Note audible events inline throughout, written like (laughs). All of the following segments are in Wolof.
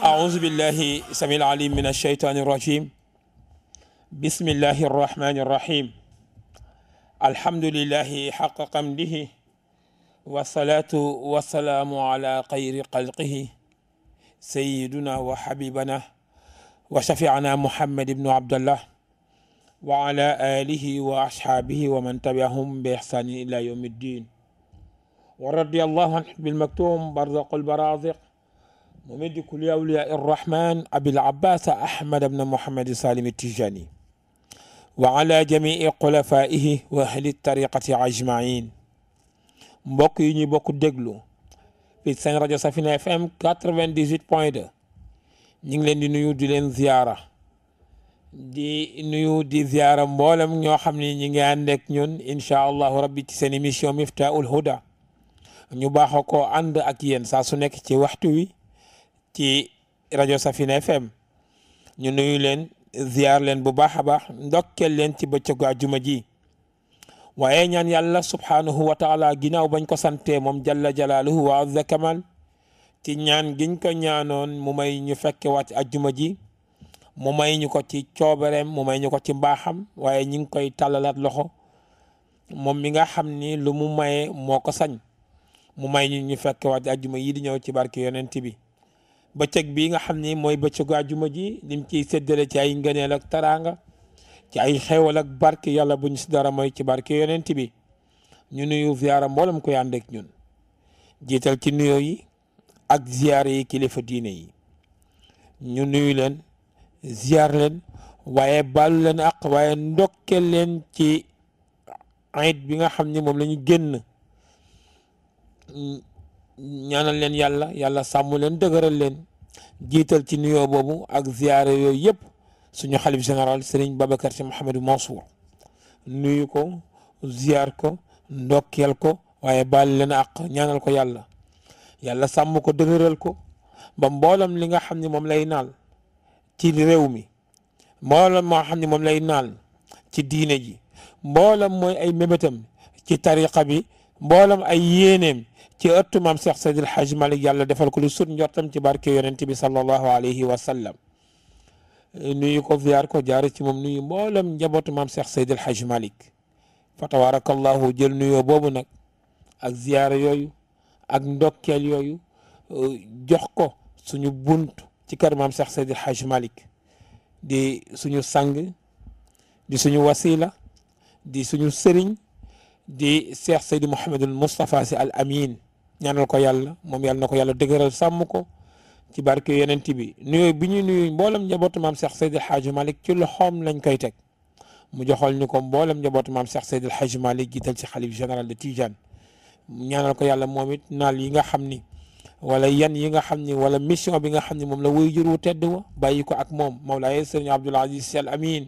أعوذ بالله سميع العليم من الشيطان الرجيم بسم الله الرحمن الرحيم الحمد لله حق قمده والصلاة والسلام على خير خلقه سيدنا وحبيبنا وشفيعنا محمد بن عبد الله وعلى آله وأصحابه ومن تبعهم بإحسان إلى يوم الدين ورضي الله عنه بالمكتوم برزق البرازق مميد كل أولياء الرحمن أبي العباس أحمد بن محمد سالم التجاني وعلى جميع قلفائه وأهل الطريقة أجمعين بوكي ني بوك دغلو في سان راديو سافينا اف ام 98.2 نيغ لين دي نويو دي لين زياره دي نويو دي زياره مبولم ньо خامني نيغي اندك نون ان شاء الله ربي تي سين ميشن مفتاح الهدى ني باخو كو اند اك تي وقتو ci rajo Safina FM ñu nuyu len ziar len bu baax baax ndokkel len ci bëccëgu àjjuma ji waye ñaan yalla subhanahu wa taala ginaaw bañ ko santee mom jalla jalaluhu wa azza kamal ci ñaan giñ ko ñaanon mu may ñu fekke waat aljuma ji mu may ñu ko ci cioberem mu may ñu ko ci mbaxam waye ñu ngi koy talalat loxo mom mi nga xamni lu mu maye moko sañ mu may ñu fekke aljuma yi di ñew ci barke yonent bi bëccëg bii nga xam ni mooy bëccëgu àjjuma ji lim ciy séddale ci ay ngëneel ak taraanga ci ay xewal ak barke yàlla bu ñu si dara mooy ci barke yonent bi ñu nuyu ziara mboolem koy ànd ak ñun jiital ci nuyo yi ak ziar yi kilifa diine yi ñu nuyu leen ziar leen waaye baalu leen ak waaye ndokkeel leen ci ayit bi nga xam ni moom la génn ñaanal leen yàlla yàlla sàmm leen dëgëral leen jiital ci nuyoo boobu ak ziyaare yooyu yëpp suñu xalif général Serigne Babacar Sy Mouhamadou Mansour nuyu ko ziyaar ko ndokkeel ko waaye baal leen àq ñaanal ko yàlla yàlla sàmm ko dëgëral ko ba mboolom li nga xam ne moom lay naal ci réew mi mboolom moo xam ne moom lay naal ci diine ji mboolam mooy ay mébétam ci tariqa bi mboolam ay yéeneem ci ëttu mam Cheikh Seydil Hadj Malick yàlla defal ko lu sut ñortam ci barke yonent bi sallallahu alayhi wa sallam nuyu ko ziar ko jaar ci mom nuyu mbolam njabot mam Cheikh Seydil Hadj malik fa tawarakallahu jël nuyu bobu nak ak ziar yoyu ak ndokkel yoyu jox ko suñu buntu ci kër mam Cheikh Seydil Hadj malik di suñu sang di suñu wasila di suñu serigne di Cheikh sayyid Mouhamadul mustafa Sy Al Amin ñaanal ko yàlla mom yàlla nako yàlla dëgëral sam ko ci barke yonent bi nuyu biñu nuyu mbolam njabot mam Cheikh sayyid al haj malik ci loxoom lañ koy tek mu joxol ñuko mbolam njabot mam maam Cheikh Seydi El Hadj Malick jiital ci xalif général de Tijane ñaanal ko yàlla momit nal yi nga xamni wala yan yi nga xamni wala mission bi nga xamni mom la way jur tedd wa bayiko ak mom mawlaye serigne Abdoul Aziz Sy Al Amin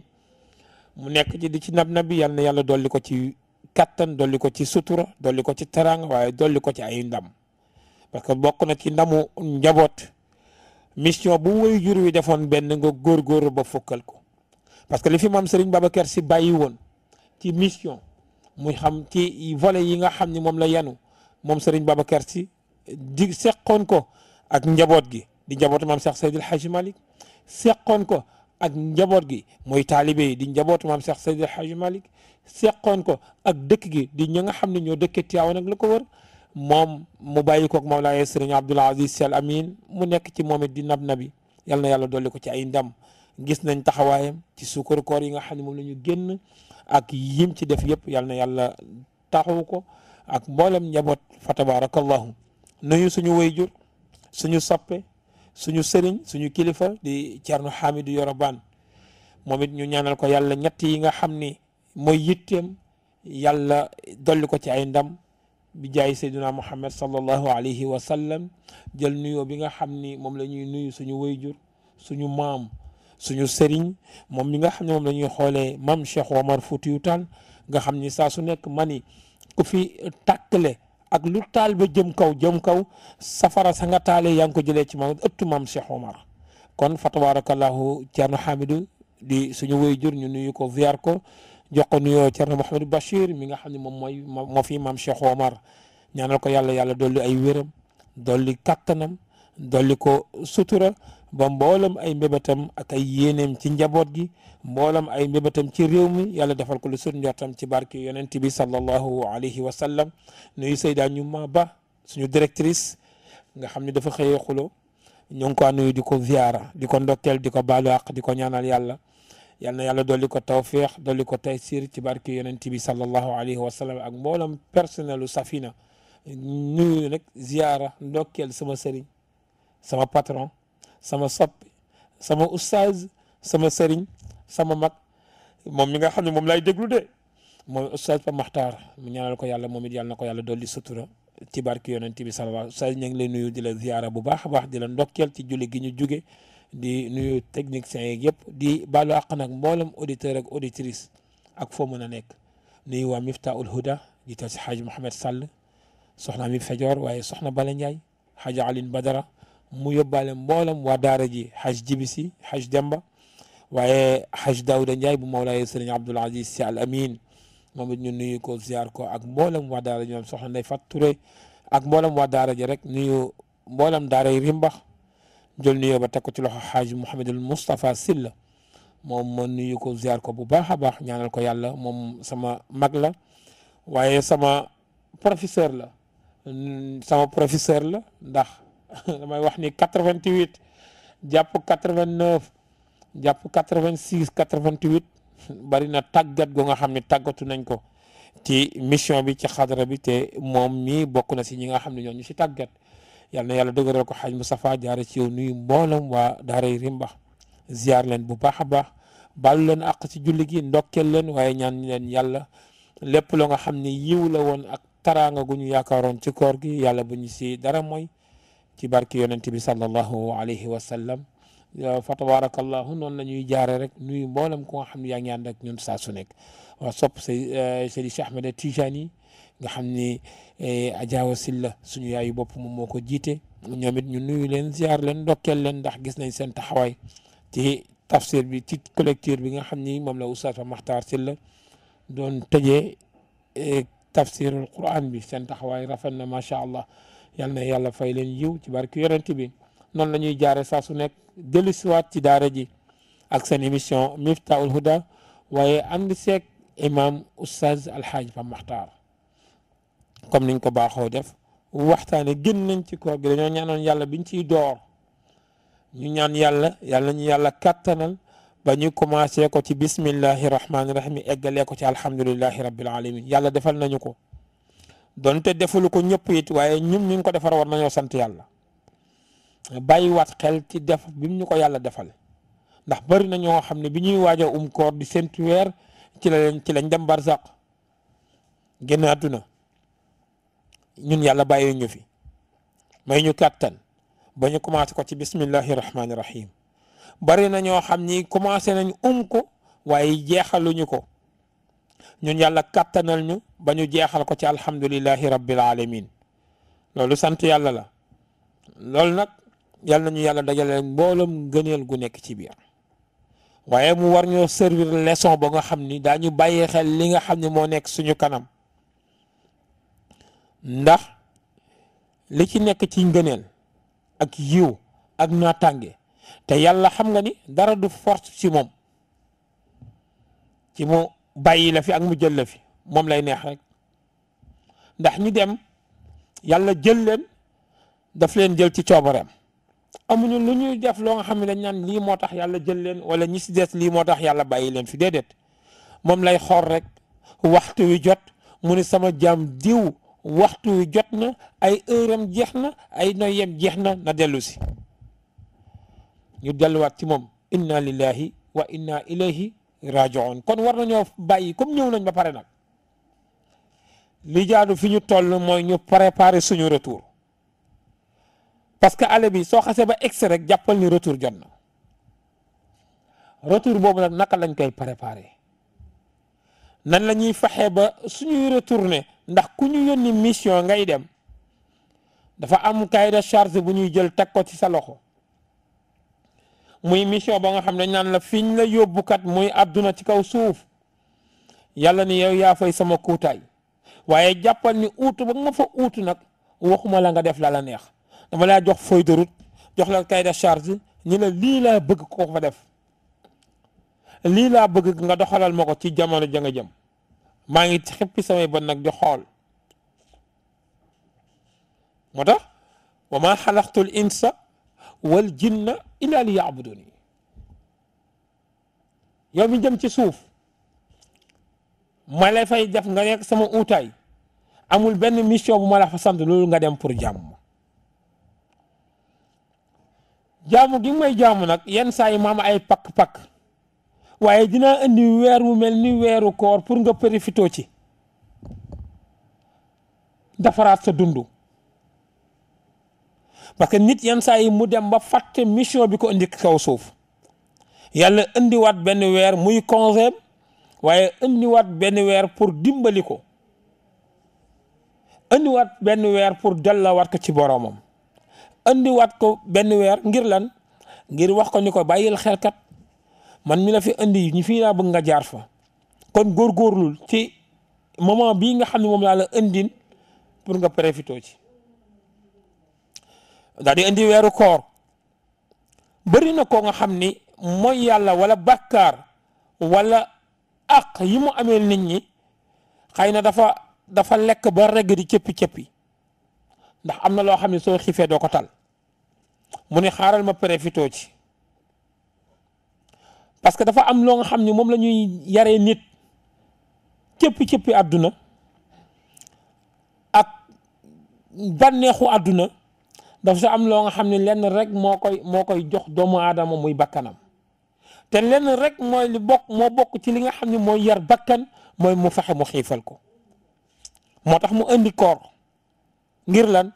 mu nek ci di ci nab nabi yàlla yàlla dolli ko ci. kattan dolli ko ci sutura dolli ko ci teraanga waaye dolli ko ci ay ndam parce que bokk na ci ndamu njaboot mission bu woyu jur wi defoon benn nga góorgóorlu ba fukkal ko parce que li fi maam Serigne Babacar si bàyyi woon ci mission muy xam ci volet yi nga xam ni moom la yenu moom Serigne Babacar si di seqoon ko ak njaboot gi di njabootu mam Cheikh Seydil Hadji Malick seqoon ko ak njaboot gi mooy taalibe yi di njabootu maam Cheikh Seydi El Hadji Malick koon ko ak dëkk gi di ña nga xam ne ñoo dëkkee Tiwaawan ak la ko wër moom mu bàyyi koog Mawlaay Sëriñ Abdoul Aziz Sy Al mu nekk ci moom it di nab nabi yal na yàlla dolli ko ci ay ndam gis nañ taxawaayam ci suukar koor yi nga xam ne moom la ñu génn ak yim ci def yëpp yal na yàlla taxawu ko ak mboolem njaboot fa tabaarakallahu nuyu suñu wayjur suñu soppe suñu sëriñ suñu kilifa di Thierno Hamidou Yoroban moom it ñu ñaanal ko yàlla ñetti yi nga xam ni mooy yitteem yàlla dolli ko ci ay ndam bi jaay Seydina Muhammad sallallahu alayhi wa sallam jël nuyoo bi nga xam ni moom la ñuy nuyu suñu wayjur suñu maam suñu sëriñ moom mi nga xam ne moom la ñuy xoolee maam Cheikh Omar Foutiyou Tall nga xam ni saa su nekk mani ku fi tàkkale ak lu taal ba jëm kaw jëm kaw safara sa nga taalee yaa ngi ko jëlee ci moom ëttu maam Cheikh Omar kon fa tabarakallahu Thierno Hamidou di suñu waajur ñu nuyu ko ziar ko jox ko nuyoo Thierno Mouhamadou Bachir mi nga xam ne moom moo fi maam Cheikh Omar ñaanal ko yàlla yàlla dolli ay wéram dolli kattanam dolli ko sutura ba mbolam ay mbébatam ak ay yéeneem ci njabot gi mbolam ay mbébatam ci réew mi yàlla defal ko lu sun njortam ci barki yonent bi sallallahu alayhi wa sallam nuy sayda ñu ma ba suñu directrice nga xamni dafa xeye xulo ñu ko nuyu diko ko ziara di ko ndokkeel di ko ñaanal yàlla yalla yàlla doli ko tawfiq doli ko taysir ci barki yonent bi sallallahu alayhi wa sallam ak mbolam personnelu Safina nuyu nak ziara ndokkeel sama serigne sama patron sama soppi sama oustaz sama sëriñ sama mag moom mi nga xam ne moom laay déglu de mooy oustaz Pa Maxtaar mu ñaanal ko yàlla moom it yàlla na ko yàlla dolli sutura ci barki yonent bi sallallahu oustaz ñu ngi lay nuyu di la ziyaara bu baax a baax di la ndokkeel ci julli gi ñu jóge di nuyu techniciens yi yëpp di baalu àq nag mboolem auditeur ak auditrice ak foo mën a nekk nuyu waa Miftaahul Huda jiital si xaaj Mouhamed Sall soxna mi Fejoor waaye soxna Bala mu yobale mbolam wa daara ji haj jibisi haj demba waye haj dawda njaay bu mawlaaye serigne abdul aziz si al amin moom ñu nuyu ko ziar ko ak mbolam wa daara ñom ñoom soxna nday fatture ak mbolam wa daara ji rek nuyu mbolam daara yi rimbax jël nuyu ba teg ci loxo haj xaaj al mustafa silla mom mo nuyu ko ziar ko bu baax baax ñaanal ko yàlla mom sama mag la waye sama professeur la sama professeur la ndax (laughs) may wax ni 88 jàpp 89 jàpp 86 88 (laughs) bari na tàggat gu nga xam ne tàggatu nañ ko ci mission bi ci xadara bi te moom mii bokk na si ñi nga xam ne ñoo ñu si tàggat yal na yàlla dëgëral ko xaaj Moustapha jaare ci yow nuyu mboolam waa daaray Rimba ziar leen bu baax a baax bal leen ak si julli gi ndokkeel leen waaye ñaan leen yàlla lépp loo nga xam ni yiw la woon ak taraanga gu ñu yaakaaroon ci koor gi yàlla bu ñu si dara mooy ci barki yonent bi sallallahu alayhi wa sallam fa tabarakallahu non la ñuy jaare rek nuy mbolam ko xamni xam ànd ak ñun sa su nek wa sop say Cheikh Ahmed Tijani nga xamni ni Adja Silla suñu yaayu bop moom moko jité ñomit ñu nuyu len ziar len ndokkeel len ndax gis nañ sen taxaway ci tafsir bi ci collecteur bi nga xamni mom la oustad mahtar Makhtar don tejé tafsirul Quran bi sen taxaway rafa na macha allah yal na yàlla fay len yiw ci barki yonent bi non lañuy ñuy jaare saa su nek delisu wat ci daara ji ak sen émission Miftahoul huda waaye ànd sek imam oustaz alhaj Pape Makhtar comme niñ ko baxo def waxtane genn nañ ci ko gi dañoo ñaanoon yàlla biñ ci door ñu ñaan yàlla yàlla ñu yàlla katanal ba ñu commencé ko ci bismillahir rahmanir rahim eggalee ko ci alhamdulillahi rabbil alamin yàlla defal nañu ko donte defulu ko ñëpp it waaye ñun ñu ko defar war nañoo sant yàlla bàyyiwaat xel ci def bi ñu ko yàlla defal ndax bari na ñoo xam ne bi ñuy waaja um koor di séntu ci la leen ci lañ dem barsàq génn àdduna ñun yàlla bàyyi ñu fi may ñu kàttan ba ñu commencé ko ci bismillahi rahmaani rahim bari na ñoo xam ni commencé nañu um ko waaye jeexaluñu ko. ñun yàlla kàttanal ñu ba ñu jeexal ko ci alhamdulillahi rabbil alamin loolu sant yàlla la loolu nag yàlla nañu yàlla dajale mboolam gëneel gu nekk ci biir mu war ñoo servir leçon ba nga xam ni daañu bàyyi xel li nga xam ne moo nekk suñu kanam ndax li ci nekk ci ak yiw ak naataange te yàlla xam nga ni dara du force ci moom ci bàyyi la fi ak mu jël la fi moom lay neex rek ndax ñi dem yàlla jël leen daf leen jël ci coobareem amuñu lu ñuy def loo nga xam ne dañ naan lii moo tax yàlla jël leen wala ñi si des lii moo tax yàlla bàyyi leen fi déedéet moom lay xor rek waxtu wi jot mu ni sama jam diw waxtu wi jot na ay heure am jeex na ay noyem jeex na na dellu si ñu delluwaat ci moom inna lillahi wa inna ilayhi rajiun kon war nañoo bàyyi comme ñëw nañ ba pare nag li jaadu fi ñu toll mooy ñu préparer suñu retour parce que aller bi soo xasee ba egsi rek jàppal ni retour jot na retour boobu nag naka lañ koy préparer nan la ñuy fexe ba suñuy retourner ndax ku ñu yónni mission ngay dem dafa am cahier de charge bu ñuy jël teg ko ci sa loxo muy mission ba nga xam dañ naan la fiñ la yóbbu kat muy àdduna ci kaw suuf yàlla ni yow yaa fay sama kuutaay waaye jàppal ni uutu ba nga fa uutu nag waxuma la nga def la la neex dama laa jox feuille de route jox la kay de charge ñu la lii laa bëgg ko fa def lii laa bëgg nga doxalal ma ko ci jamono ja nga jëm maa ngi xippi samay bët nag di xool moo tax wa ma xalaqtu l insa wal jinna illa li yaabuduni yow mi jëm ci suuf ma la fay def nga nekk sama uutaay amul benn mission bu ma sant loolu nga dem pour jàmm jaamu gi may jaamu nag yenn saa yi maam ay pakk-pakk waaye dinaa indi weer wu mel ni weeru koor pour nga profitoo ci defaraat sa dund parce que nit yenn saa yi mu dem ba fàtte mission bi ko indi kaw suuf yàlla indiwaat benn weer muy conseil waaye indiwaat benn weer pour dimbali ko indiwaat benn weer pour dellawaat ko ci boroomam indiwaat ko benn weer ngir lan ngir wax ko ni ko bàyyil xelkat man mi la fi indi ñu fii laa bëgg nga jaar fa kon góor góorgóorlul ci moment bii nga xam ne moom laa la indil pour nga profité ci daal di indi weeru koor bëri na ko nga xam ni mooy yàlla wala bàkkaar wala ak yi mu amee nit ñi xëy na dafa dafa lekk ba regg di cëppi-cëppi ndax am na loo xam ne soo xiifee doo ko tal mu ne xaaral ma préfitoo ci parce que dafa am loo nga xam ni moom la ñuy yaree nit cëppi-cëppi àdduna ak bànneexu àdduna dafa sa am loo nga xam ne lenn rek moo koy moo koy jox doomu aadama muy bakkanam te lenn rek mooy moo bokk ci li nga xam ne mooy yar bakkan mooy mu fexe mu xiifal ko moo tax mu indi koor ngir lan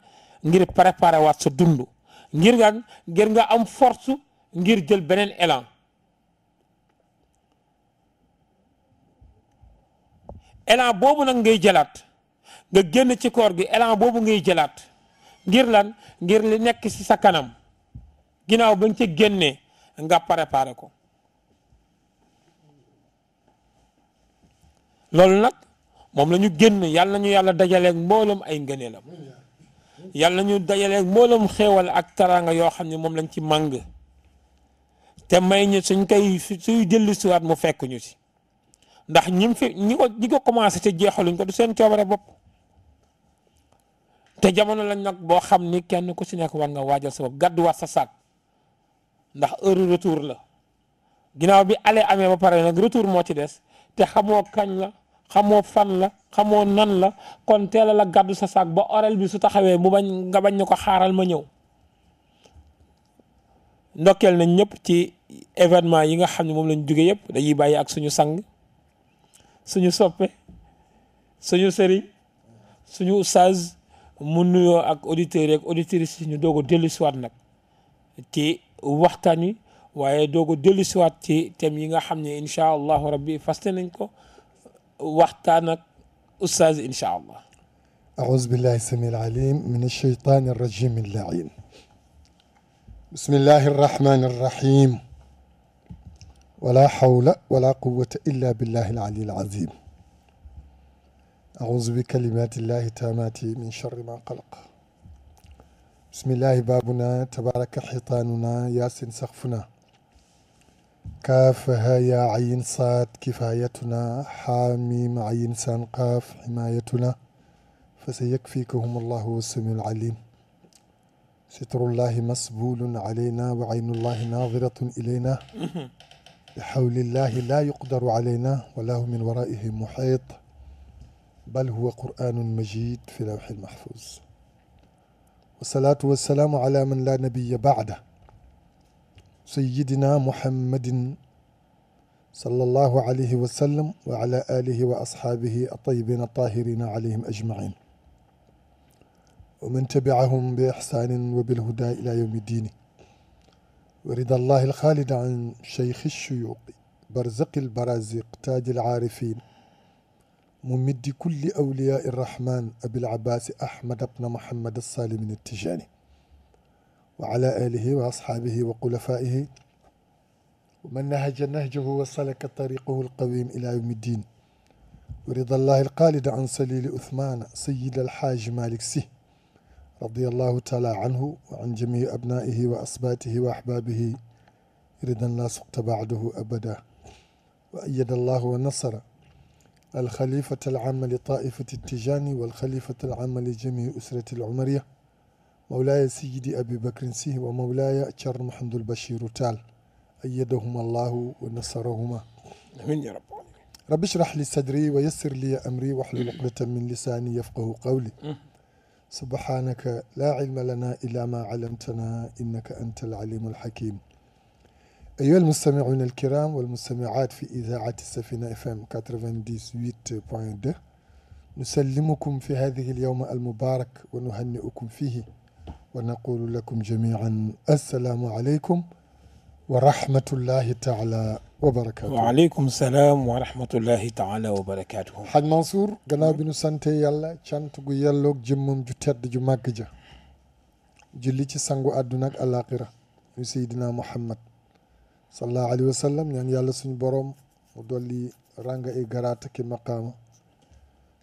ngir préparé waat sa dund ngir lan ngir nga am force ngir jël beneen élan élan boobu nag ngay jëlaat nga génn ci koor gi élan boobu ngay jëlaat ngir lan ngir li nekk ci sa kanam ginnaaw bañ ci génnee nga préparé ko loolu nag moom lañu ñu génn yàlla nañu yàlla dajaleeg mbooloom ay ngëneelam yàlla nañu dajaleek mbooloom xéewal ak taraanga yoo xam ne moom lañ ci màng te may ñu suñ koy suy dellu siwaat mu fekk ñu si ndax ñim fi ñi ko ñi ko commencé te jeexaluñ ko du seen coobare bopp te jamono lañ nag boo xam ni kenn ku ci nekk war nga waajal sa bopp gàdduwaat sa saak ndax heure retour la ginnaaw bi ale amee ba pare nag retour moo ci des te xamoo kañ la xamoo fan la xamoo nan la kon teela la gàddu sa saak ba orel bi su taxawee mu bañ nga bañ ne ko xaaral ma ñëw ndokkeel nañ ñëpp ci événement yi nga xam ni moom lañ jóge yëpp dañuy bàyyi ak suñu sang suñu soppe suñu sëriñ suñu ustaaz mu nuyoo ak auditeurs ak auditrices ñu doog a dellusiwaat nag ci waxtaan wi waaye doog a dellusiwaat ci thèmes yi nga xam ne incha allahu rabbi faste nañ ko waxtaan ak ustaaz incha allah. أعوذ بالله السميع العليم من الشيطان الرجيم اللعين بسم الله الرحمن الرحيم ولا حول ولا قوة إلا بالله العلي العظيم أعوذ بكلمات الله تاماتي من شر ما قلق بسم الله بابنا تبارك حيطاننا ياسن سقفنا كافها يا عين صاد كفايتنا حاميم عين سان قاف حمايتنا فسيكفيكهم الله والسميع العليم ستر الله مسبول علينا وعين الله ناظرة إلينا (laughs) بحول الله لا يقدر علينا وله من ورائه محيط بل هو قرآن مجيد في لوح محفوظ والصلاة والسلام على من لا نبي بعده سيدنا محمد صلى الله عليه وسلم وعلى آله وأصحابه الطيبين الطاهرين عليهم أجمعين ومن تبعهم بإحسان وبالهدى إلى يوم الدين ورد الله الخالد عن شيخ الشيوخ برزق البرازق تاج العارفين ممد كل أولياء الرحمن أبي العباس أحمد بن محمد السالم التجاني وعلى آله وأصحابه وخلفائه ومن نهج نهجه وسلك طريقه القويم إلى يوم الدين ورضا الله القالد عن سليل أثمان سيد الحاج مالك سي رضي الله تعالى عنه وعن جميع أبنائه وأصباته وأحبابه رضا لا اقتبعده بعده أبدا وأيد الله ونصر الخليفة العام لطائفة التجاني والخليفة العام لجميع أسرة العمرية مولاي سيدي أبي بكر سيه ومولاي شر محمد البشير تال أيدهما الله ونصرهما أمين يا رب رب اشرح لي صدري ويسر لي أمري واحلل عقدة من لساني يفقه قولي سبحانك لا علم لنا إلا ما علمتنا إنك أنت العليم الحكيم أيها المستمعون الكرام والمستمعات في إذاعة السفينة FM 98.2 نسلمكم في هذه اليوم المبارك ونهنئكم فيه ونقول لكم جميعا السلام عليكم ورحمة الله تعالى وبركاته وعليكم السلام ورحمة الله تعالى وبركاته حاج منصور جناب نسانتي يلا چانتو يلوك جمم جتد جمعك جا جلیچ سنگو ادناك الاخرة سيدنا محمد صلى الله عليه وسلم نان نعم، يالا سوني بوروم مودولي رانغا اي غراتا كي مقام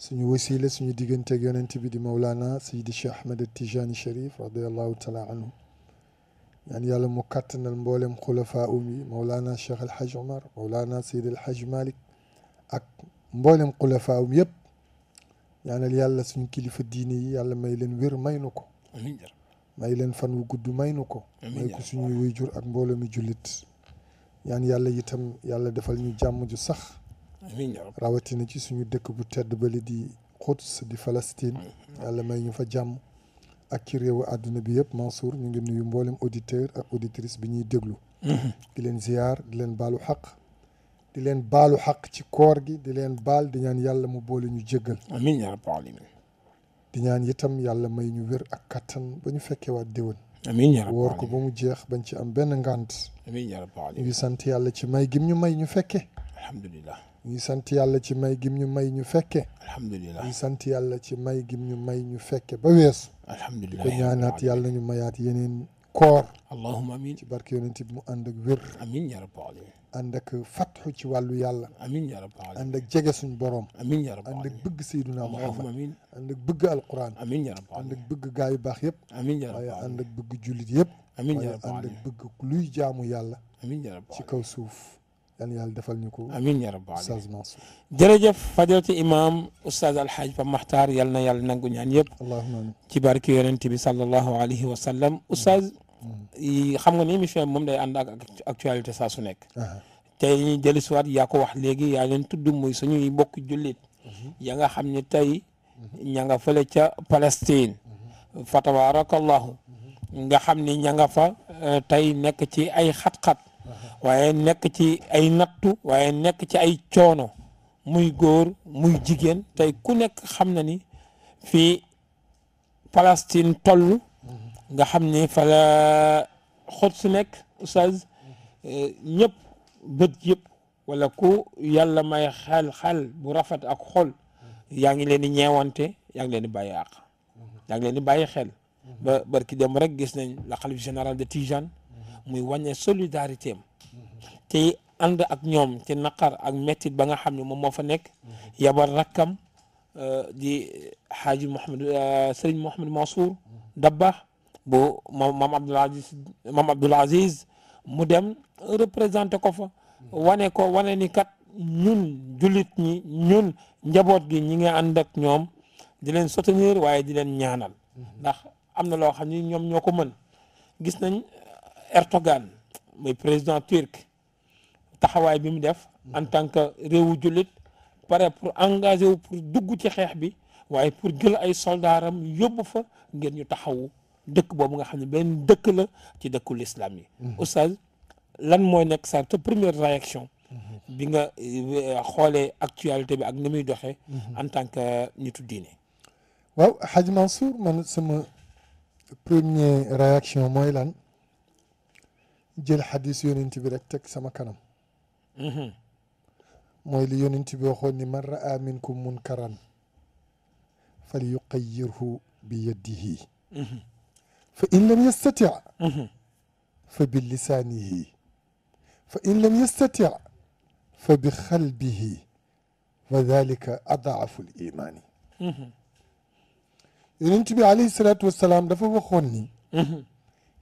سوني وسيله سوني ديغنت اك يوننتي بي دي مولانا سيدي الشيخ احمد التيجاني الشريف رضي الله تعالى عنه نان يعني يالا مو كاتنال مبولم خلفاء امي مولانا الشيخ الحاج عمر مولانا سيد الحاج مالك اك مبولم خلفاء امي يب نان يعني يالا سوني كليف ديني يالا ماي لين وير ماي نوكو امين جار ماي لين فان وغودو ماي نوكو ماي كو سوني ويجور اك مبولم جوليت ñaan yàlla itam yàlla defal ñu jàmm ju sax rawatina ci suñu dëkk bu tedd ba li di Quds di Palestine yàlla may ñu fa jàmm ak ci réew àdduna bi yëpp Mansour ñu ngi nuyu mboolem auditeur ak auditrice bi ñuy déglu di leen ziyaar di leen baalu xaq di leen baalu xaq ci koor gi di leen baal di ñaan yàlla mu boole ñu jéggal di ñaan yitam yàlla may ñu wér ak kattan ba ñu fekkee waat déwén woor ko ba mu jeex bañ ci am benn ngànt amiin yaa rabbal aalamiin ñu ngi sant yàlla ci may gim ñu may ñu fekke alhamdulilah ñu ngi sant yàlla ci may gim ñu may ñu fekke alhamdulilah ñu ngi sant yàlla ci may gim ñu may ñu fekke ba weesu alhamdulilah di ko ñaanaat yàlla ñu mayaat yeneen koor allahuma amin ci barke yonent bi mu ànd ak wér amin yaa rabbal aalamiin ànd ak fatxu ci wàllu yàlla amin yaa rabbal aalamiin ànd ak jege suñ borom amin yaa rabbal aalamiin ànd ak bëgg sayduna muhammad amin ànd ak bëgg alquran amin yaa rabbal aalamiin ànd ak bëgg gaa yu baax yëpp amin yaa rabbal aalamiin waaye ànd ak bëgg jullit yëpp amiin yaa rabbal aalamiin bëgg luy jaamu yàlla. amiin yaa ci kaw suuf. yàlla yàlla defal ko. amiin yaa rabbal aalamiin Oustaz Mansour. jërëjëf fadilatu imaam Oustaz Alhaji Pape yal na yàlla nangu ñaan yëpp. allahumma amiin ci barki yonent bi sallallahu alayhi wa sallam. Oustaz mm-hmm. xam nga ni émission bi moom day ànd ak actualité saa su nekk. tey ñuy dellusiwaat yaa ko wax léegi yaa leen tudd muy suñuy bokk jullit. Mm-hmm. ya nga xam ne tey. Mm-hmm. ña fa fële ca Palestine. nga xam ni ña nga fa euh, tey nekk ci ay xat-xat waaye nekk ci ay nattu waaye nekk ci ay coono muy góor muy jigéen tey ku nekk xam na ni fii Palestine toll nga xam ni fa xot si nekk oustaz euh, ñëpp bët yépp wala ku yàlla may xel xel bu rafet ak xol yaa ngi leen di ñeewante yaa ngi leen di bàyyi àq di bàyyi xel ba barki dem rek gis nañ la xalif général de Tijane muy wàññe solidarité am te ànd ak ñoom ci naqar ak mettit ba nga xam ne moom moo fa nekk yabal rakkam euh, di xaaji Mouhamed euh, Serigne Mouhamed Mansour Dabba bu moom maam Abdoul Aziz maam Abdoul Aziz mu dem représenté ko fa wane ko wane ni kat ñun julit ñi ñun njaboot gi ñi nga ak ñoom di leen soutenir waaye di leen ñaanal amna lo loo ñom ñoko euh, Erdogan le président turc taxaway bi mu def en mhm. tant que réewu pour engager pour dugg ci xex bi pour jël ay fa ñu taxaw dëkk bobu nga xamni ben dëkk ci yi mhm. lan première réaction mhm. bi nga euh, actualité bi ak en tant que nitu waaw Mansour man sama premier réaction mooy lan jël xadis yonent bi rek teg sama kanam mooy li yonent bi waxoon ni man raa minkum munkaran fal yuqayirhu bi yadihi fa in lam yastati fa bi lisanihi fa in lam yastati fa bi xalbihi wa dalika adaafu l imani yonent bi alayhi salaatu wassalaam dafa waxoon ni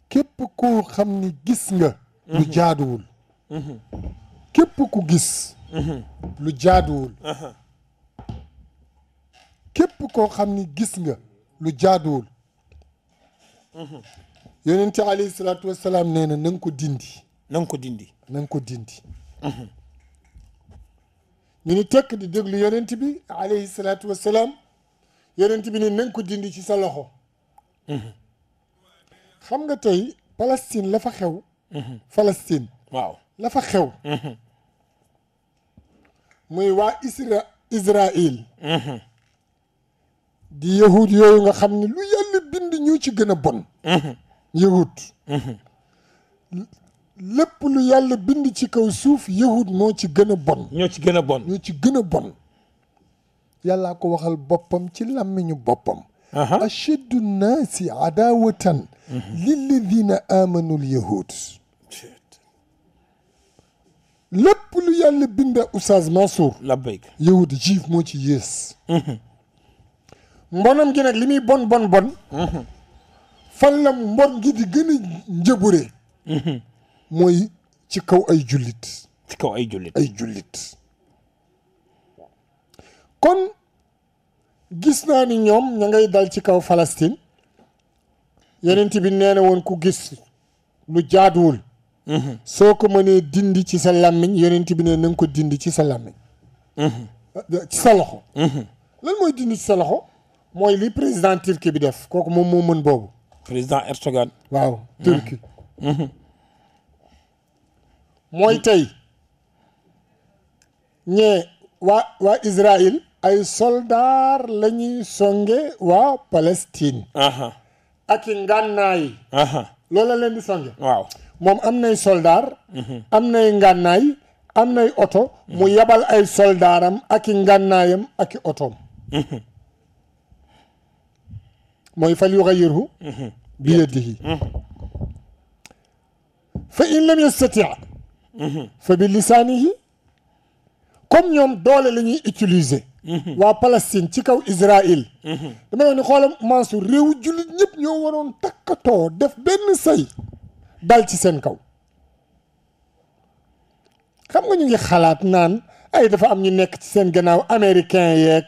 képp koo xam ni gis nga lu jaaduwul képp ku gis lu jaaduwul képp koo xam ni gis nga lu jaaduwul yonent alayhi salaatu wassalaam nee na na nga ko dindi na ko dindi na nga ko dindi mhm. tekk di déglu yonent bi alayhi salaatu wassalaam yonent bi ne na ko dindi ci sa loxo xam nga tey Palestine la fa xew Palestine waaw la fa xew muy waa isra Israël di yahud yooyu nga xam ne lu yàlla bind ñu ci gën a bon yahud lépp lu yàlla bind ci kaw suuf yahud moo ci gën a bon ñoo ci gën a bon ñoo ci gën a bon yàllaa ko waxal boppam ci làmmiñu boppam ashaddu nnaasi adawatan mhm. lilladina amanu lyahud lépp lu yàlla binda oustaz Mansour labbayk yahud juif moo ci yées mhm. mbonam gi nag li muy bon bon bon mhm. fan mbon gi di gën njëbure mooy ci kaw ay jullit ci kaw ay jullit ay jullit kon gis naa ni ñoom ña ngay dal ci kaw Palestine yenent bi nee na woon ku gis lu jaaduwul mhm. soo ko mënee dindi ci sa làmmiñ yenent bi ne na nga ko dindi ci sa làmmiñ mhm. ci sa loxo mhm. lan mooy dindi ci sa loxo mooy li président turki bi def kooku moom moo mën boobu président Erdogan waaw turki mooy tey ñee waa waa Israël ay soldaar la ñuy songe waa Palestine ak i ngànnaay loola leen di songe moom am nay soldaar mhm. am nay ngànnaay am nay oto mhm. mu yabal ay soldaaram ak i aki ak i otoom mhm. mooy fal yuxayyirhu bi yadihi fa in lam yastati fa bi lisaanihi comme ñoom doole la utilise Mhm. waa Palestine ci kaw Israël. Mhm. dama ne xoolam Mansour réewu jullit ñëpp ñoo waroon takkatoo def benn say dal ci seen kaw. xam nga ñu ngi xalaat naan ay dafa am ñu nekk ci seen gannaaw américain yeeg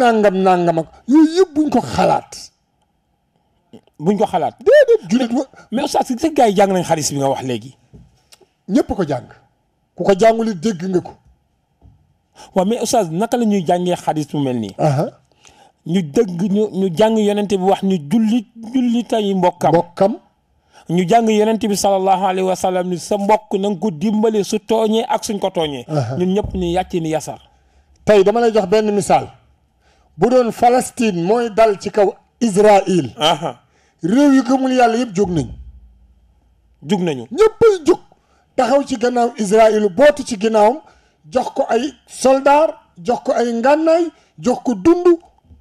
nangam nangam ak yooyu yëpp buñ ko xalaat. buñ ko xalaat. déedéet jullit wa mais oustaz si gars yi jàng nañ xalis bi nga wax léegi. ñëpp ko jàng ku ko jàngul it dégg nga ko. waa mais oustaz naka la ñuy jàngee xadis bu mel nii. ñu dëgg ñu ñu jàng yonente bi wax ñu julli julli tay mbokkam mbokkam. ñu jàng yonente bi sallallahu alayhi wa sallam ni sa mbokk na nga ko dimbale su tooñee ak suñ ko tooñee. ñun ñëpp ñu yàcc ni yasar. tey dama lay jox benn misaal. bu doon Palestine mooy dal ci kaw Israël. réew yu gëmul yàlla yëpp jóg nañ. jóg nañu ñëppay jóg. taxaw ci gannaaw Israël bootu ci ginnaawam. jox ko ay soldaar jox ko ay ngànnaay jox ko dund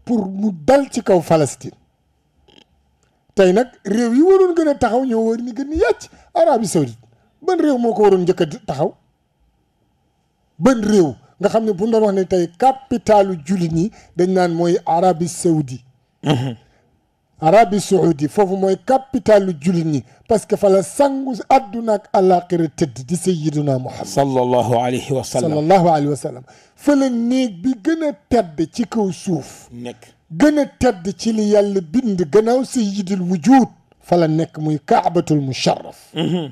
pour mu dal ci kaw Palestine tey nag réew yi waroon gën a taxaw ñoo war ni gën a yàcc Arabie Saoudite bën réew moo ko waroon njëkk a taxaw ban réew nga xam ne bu ñu wax ne tey kapitaalu jullit ñi dañ naan mooy Arabie Saoudite mhm. arabi saudi fofu moy capital jullit parce que fala sangu aduna ak àllaaxira tëdd di sayyiduna muhammad sallallahu alayhi wa sallam sallallahu alayhi wa sallam fele néeg bi gën tedd ci kaw suuf nek gën tedd ci li yàlla bind gannaaw sayyidul wujud fala nek moy ka'batul musharraf hmm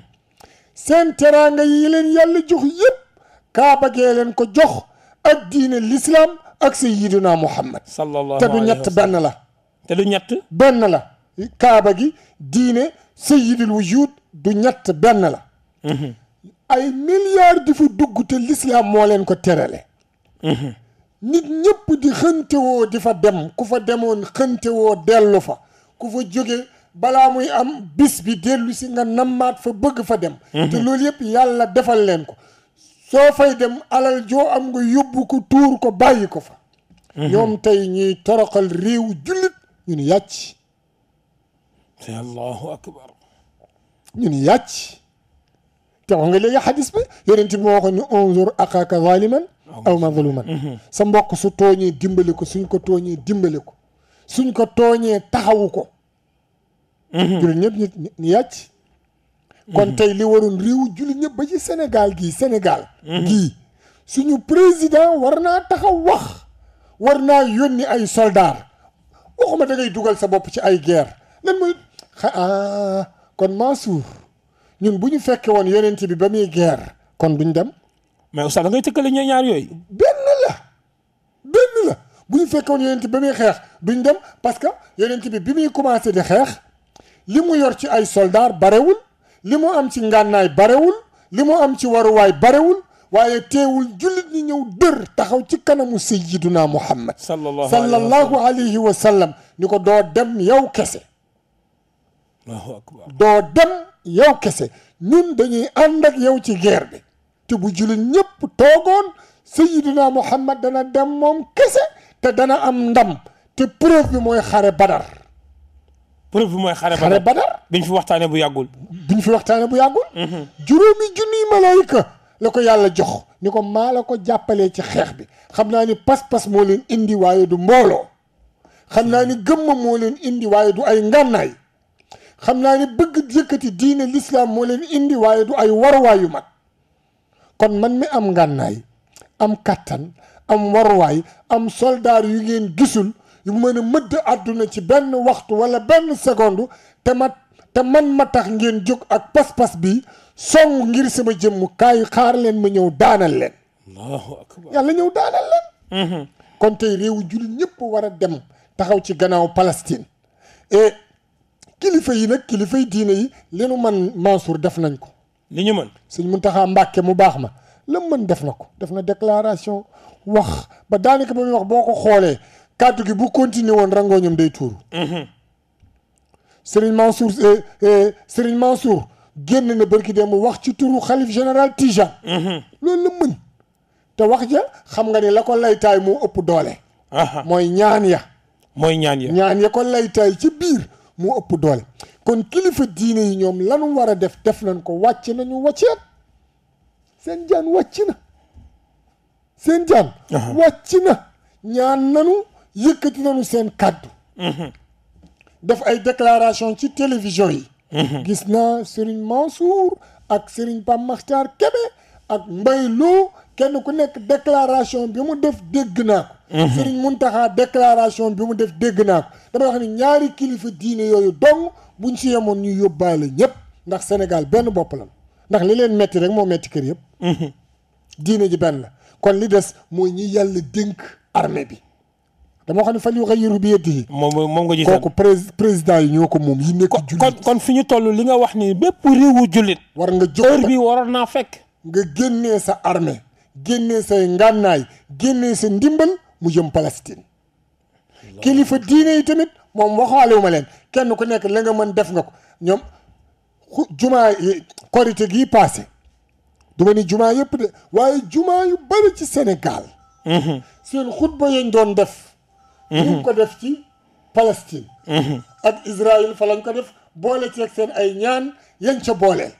sen teranga yi len yàlla jox yeb kaaba ge len ko jox ak diine l'islam ak sayyiduna muhammad te du ñett benn la te du ñett benn la kaaba gi diine wu wujud du ñett benn la mhm. ay milliards di fi dugg te l'islam moo leen ko terale mhm. nit ñëpp di xëntewoo di fa dem ku fa demoon xëntewoo dellu fa ku fa jóge balaa muy am bis bi dellu si nga nammaat fa bëgg fa dem mhm. te loolu yëpp yàlla defal leen ko soo fay dem alal joo am nga yóbbu ko tuur ko bàyyi ko fa ñoom tey ñuy toroxal réew jullit ñu ni yàcc te allahu ñu ni yàcc te wax nga léegi xadis bi yonent bi moo waxoon ni unzur axaaka zaliman aw mazluman sa mbokk su tooñee dimbali ko suñ ko tooñee dimbali ko suñ ko tooñee taxawu ko mhm. jullit ñëpp ñu ñu yàcc mhm. kon tey li waroon réewu jullit ñépp ba ci Sénégal gii senegal mhm. gii suñu président war naa taxaw wax war naa yónni ay soldaar waxuma da ngay dugal sa bopp ci ay guerre lan mooy ah kon Mansour ñun bu ñu fekkee woon yonent bi ba muy guerre kon duñ dem. mais oustaz da ngay tëkkale ñooy ñaar yooyu. benn la benn la bu ñu fekke woon yonent ba muy xeex duñ dem parce que yonent bi bi muy commencé di xeex li mu yor ci ay soldaar barewul li mu am ci ngànnaay barewul li mu am ci waruwaay barewul. waaye teewul jullit ñi ñëw dër taxaw ci kanamu sayyiduna Muhammad sallallahu alayhi wa sallam ni ko doo dem yow kese doo dem yow kese ñun dañuy ànd ak yow ci guerre bi te bu jullit ñëpp toogoon sayyiduna Muhammad dana dem moom kese te dana am ndam te preuve bi mooy xare badar preuve bi mooy xare badar xare badar biñ fi waxtaane bu yàggul biñ fi waxtaane bu yàggul mhm. juróomi junniy malayka la ko yàlla jox ni ko maa la ko jàppalee ci xeex bi xam naa ni pas-pas moo leen indi waaye du mbooloo xam naa ni gëmma moo leen indi waaye du ay ngànnaay xam naa ni bëgg yëkkati diine lislaam moo leen indi waaye du ay waruwaay yu mag kon man mi am ngànnaay am kàttan am waruwaay am soldaar yu ngeen gisul yu mën a mëdd àdduna ci benn waxtu wala benn segond te ma te man ma tax ngeen jóg ak pas-pas bi song ngir sama jëmm kaay xaar leen ma ñëw daanal leen. yàlla ñëw daanal leen. Mm-hmm. kon tey réewu jullit ñëpp war a dem taxaw ci gannaaw Palestine kilifa yi nag kilifa yi diine yi li nu man Mansour def nañ ko. li ñu suñ mu Muntaxa Mbàkke mu baax ma la mën def na ko def na déclaration wax ba daanaka ba muy wax boo ko xoolee kàddu gi bu continuer woon rangooñam day tuuru. Mm-hmm. Serigne Mansour eh, eh, Serigne Mansour. génn na bërki dem wax ci turu xalif général Tijane. Mhm. loolu la mën te wax ja xam nga ni la ko laytaay moo ëpp doole mooy ñaan ya mooy ñaan ya ñaan ya ko laytaay ci biir moo ëpp doole kon kilifa diine yi ñoom lanu war a def def nañ ko wàcc nañu wàcceet seen jaan wàcc na seen jaan wàcc na ñaan nanu yëkkati nanu seen kàddu mhm. def ay déclaration ci télévision yi (laughs) gis naa Serigne Mansour ak Serigne Pape Makhtar Kébé ak mbay loo kenn ku nekk déclaration bi mu def dégg naa ko. (laughs) Mhm. Serigne Mountakha déclaration bi mu def dégg naa ko damay wax ni ñaari kilifa diine yooyu dong buñ si yemoon ñu yóbbaale ñëpp ndax Sénégal benn bopp la ndax li leen metti rek moo metti kër yëpp. (laughs) diine ji benn la kon li des mooy ñu yàlla dénk armée bi. dama wax ne fal yughayyiru bi yadihi. moom moom nga gisee kooku président yi ñoo ko moom yi ko jullit kon kon fi ñu toll li nga wax ni bépp réewu jullit. war nga jóg heure waroon naa fekk. nga génne sa armée génnee say ngànnaay génnee sa ndimbal mu jëm Palestine. kilifa diine yi tamit moom waxaalewu ma leen kenn ku nekk la nga mën def nga ko ñoom jumaa korite gi paase. du ma jumaa yëpp de waaye jumaa yu bari ci Sénégal. Mhm. seen xutba yañ doon def. ñu ko def ci Palestine ak Israël fa lañ ko def boole ci ak seen ay ñaan yañ ca booleel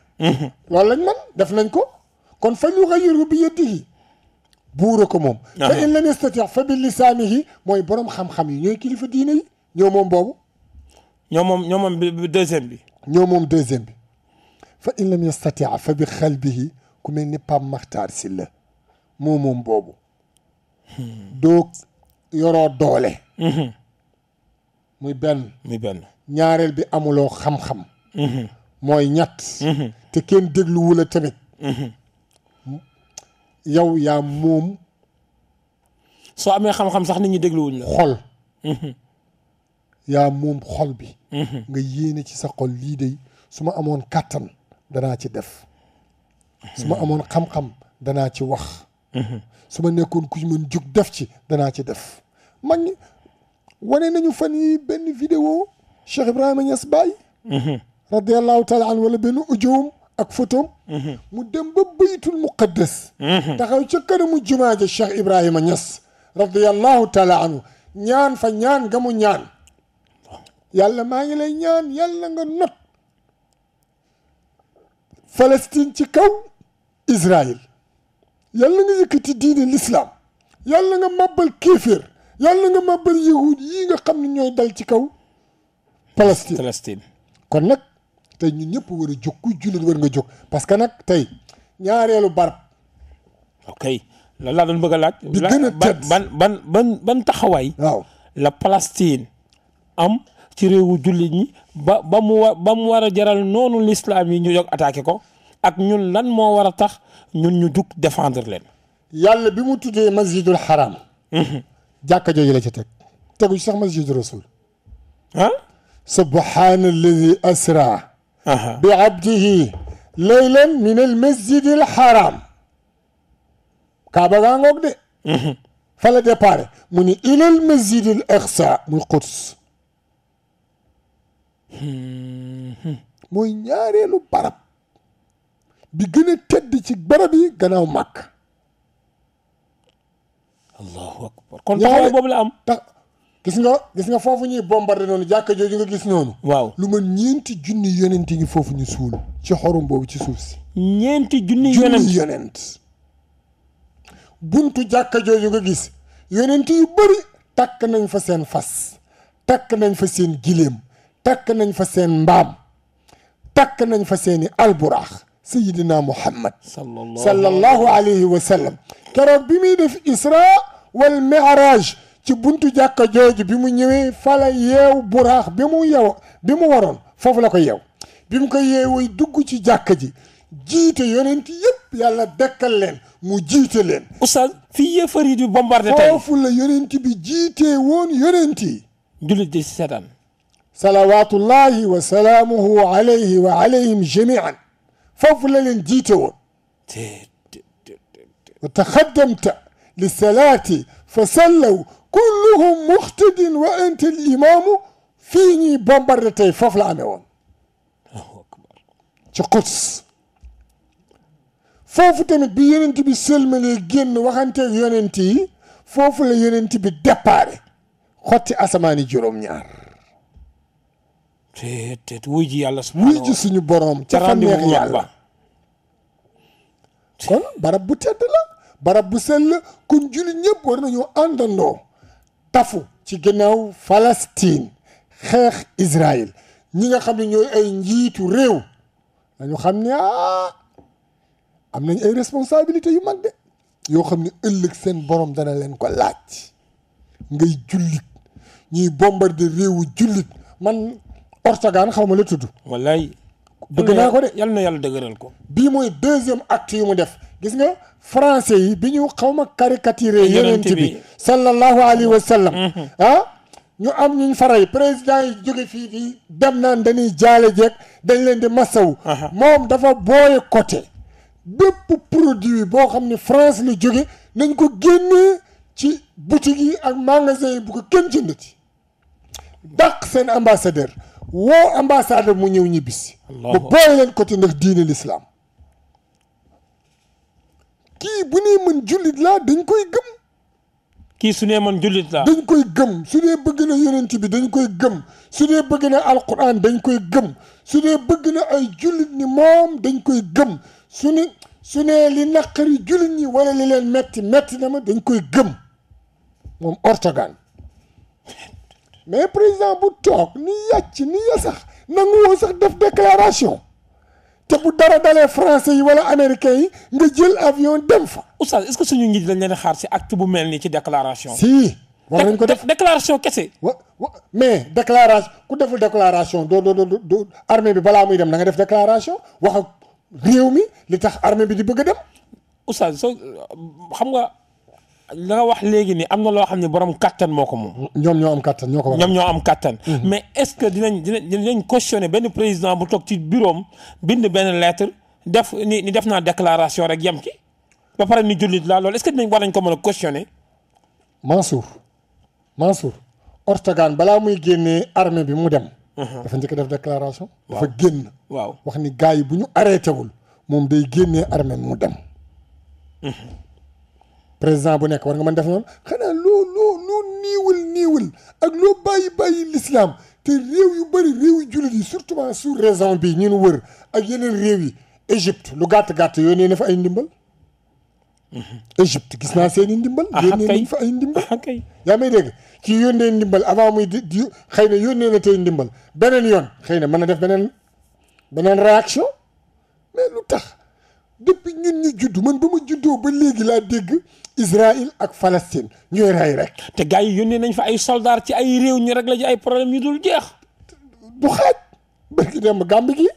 loolu lañ man def nañ ko kon fa ñu xayiru bi yëddihi buura ko moom fa in lam yastati fa bi lisaanihi mooy borom xam-xam yi ñooy kilifa diine yi ñoo moom boobu ñoo moom ñoo moom bi deuxième bi ñoo moom deuxième bi fa in lam yastati fa bi xalbihi ku mel ni Pape Makhtar Sylla moo moom boobu doog yoro doole. muy ben muy ben ñaarel bi amulo xam-xam. mooy ñett. te kenn deglu wula tamit. yow ya mom so amé xam-xam sax nit ñi dégluwuñ la. xol. ya mom xol bi. nga yéene ci sa xol li dey suma amone amoon dana ci def. suma amone xam-xam dana ci wax. su ma nekkoon ku mën jug def ci danaa ci def ma ñi wane nañu fan yi benn vidéo Cheikh Ibrahima Niass Baye mhm. radiallahu taala an benn ujoom ak photom mhm. mu dem ba baytul muqaddas mhm. taxaw ca kanamu jumaa ja Cheikh Ibrahima Niass radiallahu taala anhu ñaan fa ñaan nga ñaan yàlla maa ngi lay ñaan yàlla nga not Palestine ci kaw Israël yàlla nga yëkkati diine lislaam yàlla nga màbbal kéeféer yàlla nga màbbal yahuud yii nga xam ne ñooy dal ci kaw Palestine Palestine kon nag tey ñun ñëpp war a jóg ku jullit war nga jóg parce que nag tey ñaareelu barab ok loolu laa doon bëgg a laaj bi gën a tedd ban ban taxawaay waaw la Palestine am ci réewu jullit ñi ba ba mu wa ba mu war a jaral noonu lislaam yi ñu jóg attaqué ko ak ñun lan moo war a tax ñun ñu juk défendre len yàlla bi mu tuddee masjidul haram. jàkka joji la ci tek tegu ci sax masjidul rasul. han subhaana alladi asra. bi abdihi laylan min al masjidil haram. kaaba gaa ngoog de. fa la départ mu ni ilal masjidil aqsa mu quds. moy ñaarelu barab. bi gën a tëdd ci barab yi gannaaw màkk allahu akbar kon taxawaay boobu la am takk gis nga gis nga foofu ñuy bombardé noonu jàkka jooju nga gis noonu waaau lu ma ñeenti junni yonent yi foofu ñu suul ci xorum boobu ci suuf si ñeenti junni junni yonent buntu jàkka jooju nga gis yonent yu bëri takk nañ fa seen fas takk nañ fa seen giléem takk nañ fa seen mbaam takk nañ fa seeni alburaax سيدنا محمد صلى الله, عليه وسلم كرب بمي في إسراء والمعراج تبنت جاك جوج بمو نيوي فلا يو براخ بمو يو بمو ورون ففلك يو بمو يو يدوكو تي جاك جي جيت يوننت يب يالا دكال لين مو جيت لين أستاذ في يفري دي بمبار دي تاي فوفل يوننت بي جيت وون يوننت جلد دي سلام صلوات الله وسلامه عليه وعليهم جميعاً ففلان جيتو وتخدمت للصلاة فصلوا كلهم مختد وأنت الإمام فيني بمبرتي ففلا أنا تقص فوف تمت بيننتي بسلم الجن وحنت يننتي فوف لينتي بدباري خطي أسماني جروم نيار te te wuy ji yàlla subhanahu wuy suñu boroom ca fa neex yàlla kon barab bu tedd la barab bu sell la kon julli ñëpp war nañoo àndandoo tafu ci ginnaaw Palestine xeex Israël ñi nga xam ne ñooy ay njiitu réew dañu xam ne ah am nañ ay responsabilité yu mag de yoo xam ne ëllëg seen borom dana leen ko laaj ngay jullit ñuy bombarde réewu jullit man ortogane xaw ma la tudd. wallaay. bëgg naa ko de yal na yàlla dëgëral ko. bii mooy deuxième acte yi mu def gis nga francais yi bi ñu xaw ma caricaturé yonent bi sallallahu alayhi wa sallam. Mm-hmm. ah ñu am ñu faray président yi jóge fii di dem naan dañuy jaale jeeg dañ leen di masawu. moom dafa booy côté. bépp produit boo xam ne France la jóge nañ ko génnee ci boutique yi ak magasin yi bu ko kenn jëndati dàq seen ambassadeur. woo ambassadeur mu ñëw ñibbis ba boole leen côté ndax diine l'islam kii bu nee mën jullit laa dañ koy gëm kii su nee mën jullit laa dañ koy gëm su dee bëgg na yonent bi dañ koy gëm su dee bëgg na alquran dañ koy gëm su dee ay jullit ni moom dañ koy gëm su ne su ne li naqari jullit ñi wala li leen metti metti na ma dañ koy gëm moom ortogan mais président bu toog ni yàcc ni yasax nangu woon sax def déclaration te bu dara dalee français yi wala américain yi nga jël avion dem fa. oustaz est-ce que suñu njiit dañ leen xaar si acte bu mel nii ci déclaration. si war nañ ko def déclaration kese. wa wa mais déclaration ku deful déclaration doo doo doo doo armée bi balaa muy dem da nga def déclaration wax ak réew mi li tax armée bi di bëgg a dem. oustaz soo xam nga. la nga wax léegi ni am na loo xam ne boroom kattan moo ko moom. ñoom ñoo am kattan ñoo ko ñoom ñoo am kattan. Mm-hmm. mais est-ce que dinañ dinañ dinañ cautionné benn président bu toog ci buroom bind benn lettre def ni def naa déclaration rek yam ki ba pare ni jullit laa loolu est-ce que dinañ war nañ ko mën a cautionné. Mansour Mansour Ortogan balaa muy génnee armée bi mu dem. Uh-huh. dafa njëkk def déclaration. dafa génn. waaw wax ni gars yi bu ñu arrêté moom day génnee armée mu dem. Uh-huh. président bu nekk war nga mën def noonu xanaa loo loo loo niiwal niiwal ak loo bàyyi bàyyi l'islam te réew yu bëri réew yu jullit yi surtout sous raison bi ñun wër ak yeneen réew yi Égypte lu gàtt gàtt yooyu na fa ay ndimbal. Mhm. Égypte gis naa seeni i ndimbal. yónnee nañ fa ay ndimbal. yaa may dégg ci yónnee ndimbal avant muy di di xëy na yónnee tey ndimbal beneen yoon xëy na mën na def beneen beneen réaction mais lu tax depuis ñun ñu judd man ba ma juddoo ba léegi laa dégg. Israël ak Palestine ñooy rey rek. te gars yi yónnee nañ fa ay soldats ci ay réew ñu rek la ci ay problème yu dul jeex. du xaaj barki dem gàmbi gi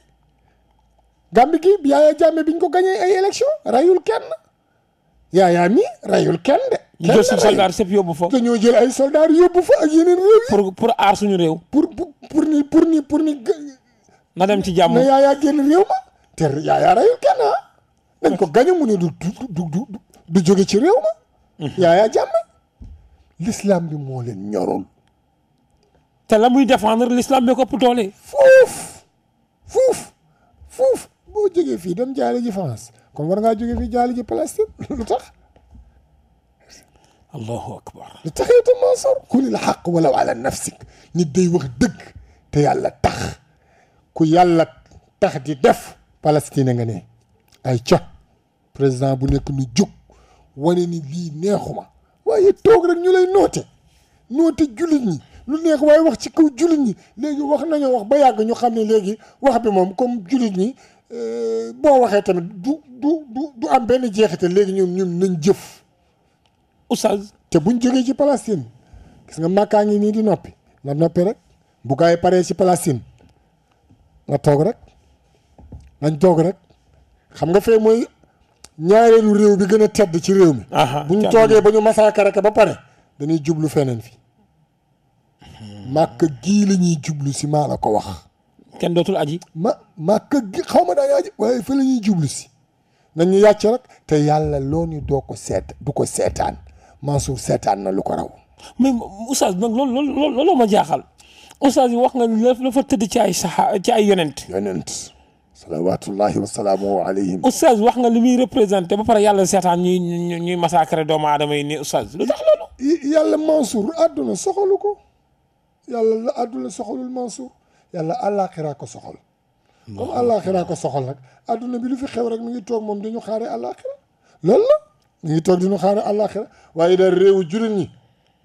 gàmbi gi Yaya Jammeh biñ ko gañee ay élection rayul kenn Yaya nii rayul kenn de. ñu jël suñu soldats sëpp yóbbu fa. dañoo jël ay soldats yóbbu fa réew pour pour aar pour pour pour ni pour na dem ci jàmm na Yaya génn réew rayul kenn ah. dañ ko gañe mu du du. du jóge ci réew ma yaayaa jàmme l'islam bi moo leen ñorul te la muy défendre l'islam bi ko ëpp doole fuuf fuuf boo jógee fii dem jaale ji France kon war ngaa jógee fii jaale ji Palestine (laughs) lu tax allahu akbar lu tax yow tam Mansour kulil xaq walaw ala nafsik nit wax dëgg te yàlla tax ku yàlla tax di def Palestine nga ne ay ca président bu nekk nu jóg wane ni lii neexuma waaye toog rek ñu lay noote noote jullit ñi lu neex waaye wax ci kaw jullit ñi léegi wax nañoo wax ba yàgg ñu xam ne léegi wax bi moom comme jullit ñi euh, boo waxee tamit du du du du am benn jeexital léegi ñoom ñoom nañ jëf oustaz te buñ jógee ci Palestine gis nga màkkaa ngi nii di noppi nga noppi rek bu yi paree ci Palestine nga toog rek nañ toog rek xam nga fee mooy ñaareelu réew bi gën a tedd ci réew mi. bu ñu toogee ba ñu masaakara ka ba pare dañuy jublu feneen fi. màkk gii lañuy jublu si maa la ko wax. kenn dootul aji. ma màkk gi xaw ma daañu aji waaye fa la ñuy jublu si. nañu yàcc rek te yàlla loo ñu doo ko seet du ko seetaan Mansour seetaan na lu ko raw. mais oustaz nag loolu loolu loolu ma jaaxal oustaz yi wax nga la fa tëdd ci ay saxa ci ay yonent. yonent. صلوات الله وسلامه عليهم استاذ واخنا لمي ريبريزونتي با فره يالا سيطان ني ني مساكر دوما ادمي ني استاذ لو تخ يالا منصور ادنا سخلوكو يالا لا ادنا سخلو المنصور يالا الاخره كو سخل كوم الاخره كو سخل نك ادنا بي لو في خيو رك ميغي توك موم دي نيو خاري الاخره لول لا ميغي توك دي نيو خاري الاخره واي دا ريو جولي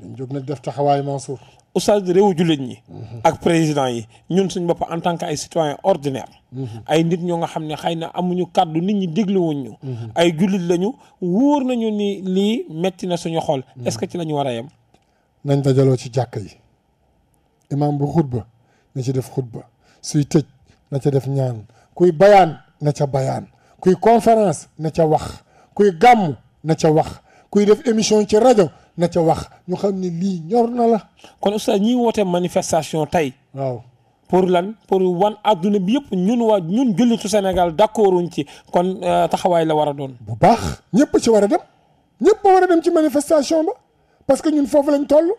نجوك نك داف تخواي منصور oustaz di réewu jullit ñi ak président yi ñun suñ bopp en tant que ay citoyen ordinaire ay nit ñoo nga xam ne xëy na amuñu kàddu nit ñi dégluwuñ ñu ay jullit lañu wóor nañu ni lii metti na suñu xol est-ce que ci lañu ñu war a yem nañ dajaloo ci jàkk yi imaam bu xutba na ci def xutba suy tëj na ca def ñaan kuy bayaan na ca bayaan kuy conférence na ca wax kuy gàmm na ca wax kuy def émission ci rajo na ca wax ñu xam ne lii ñor na la. kon oustaz ñi wootee manifestation tey. waaw pour lan pour wan adduna bi yëpp ñun waa ñun jullitu Sénégal d'accorduñ ci kon euh, taxawaay la war a doon. bu baax ñëpp ci war a dem ñëpp a war a dem ci manifestation ba parce que ñun foofu lañu toll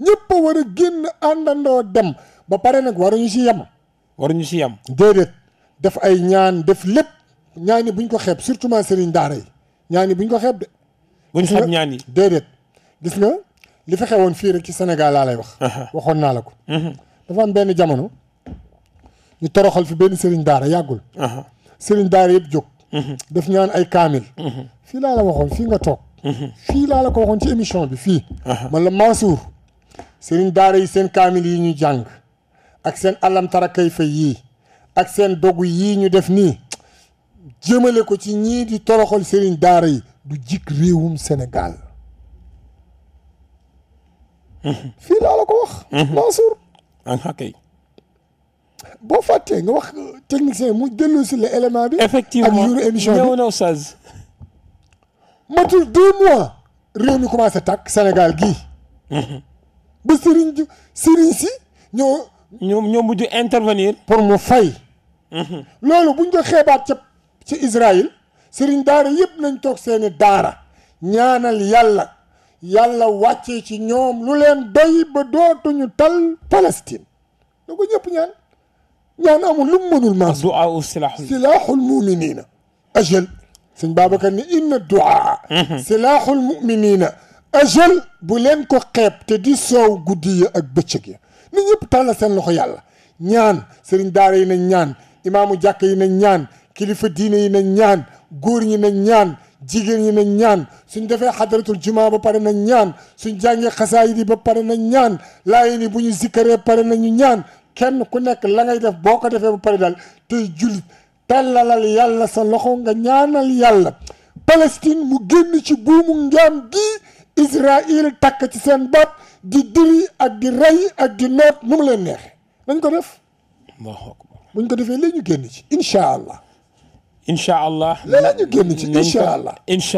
ñëpp a war a génn àndandoo dem ba pare nag waruñu si yem. waruñu si yem. déedéet def ay ñaan def lépp. ñaani buñ ko xeeb surtout ma sëriñ daara yi ñaani buñ ko xeeb de. buñ xeeb ñaan yi gis nga li fexé won fi rek ci Sénégal laa lay wax. waxon na la ko. dafa am ben jamono ñu toroxal fi ben serigne daara yagul serigne daara yëpp jóg. daf ñaan ay kamil fi la la waxon fi nga tok fi la la ko waxon ci émission bi fi man la Mansour. serigne daara yi sen kamil yi ñu jàng ak sen alam tarakay fay yi ak sen dogu yi ñu def ni jëmele ko ci ñi di toroxal serigne daara yi du jik réewum Sénégal. fi laa la ko wax. Mhm. Mansour. en hakay bo faté nga wax technicien mu dellu si la élément bi. effectivement ak jour émission bi ñëw na Oustaz. matul deux mois. réew mi commencé tak Sénégal gi mhm. bu Serigne ju Serigne si ñoo. ñoo ñoo mujj intervenir. pour mu fay. Mhm. lolu buñ ko xeebaat ca ci Israël Serigne daara yépp nañ tok seen daara ñaanal yalla yàlla wàccee ci ñoom lu leen doy ba dootuñu tal Palestine da ko ñëpp ñaan ñaan amul lu mu mënul maas duaa silaaxul muminina ajal sëñ Babacar ni inna duaa mhm. silaaxul muminina ajal bu leen ko xeeb te di soow guddi ya ak bëccëg ya ni ñëpp tàlla seen loxo yàlla ñaan sëriñ daara yi nañ ñaan imaamu jàkk yi nañ ñaan kilifa diine yi nañ ñaan góor ñi nañ ñaan jigéen ñi nañ ñaan suñ defee xadaratul juma ba pare nañ ñaan suñ jàngee xasaayid yi ba pare nañ ñaan laayeen bu ñu zikkaree pare nañu ñaan kenn ku nekk la ngay def boo ko defee ba pare daal tey jullit tallalal yàlla sa loxo nga ñaanal yàlla Palestine mu génn ci buumu njaam gi Israël takk ci seen baat di diri ak di rey ak di noot nu mu leen neexee nañ ko def buñ ko defee léegi ñu génn ci incha allah incha allah léegi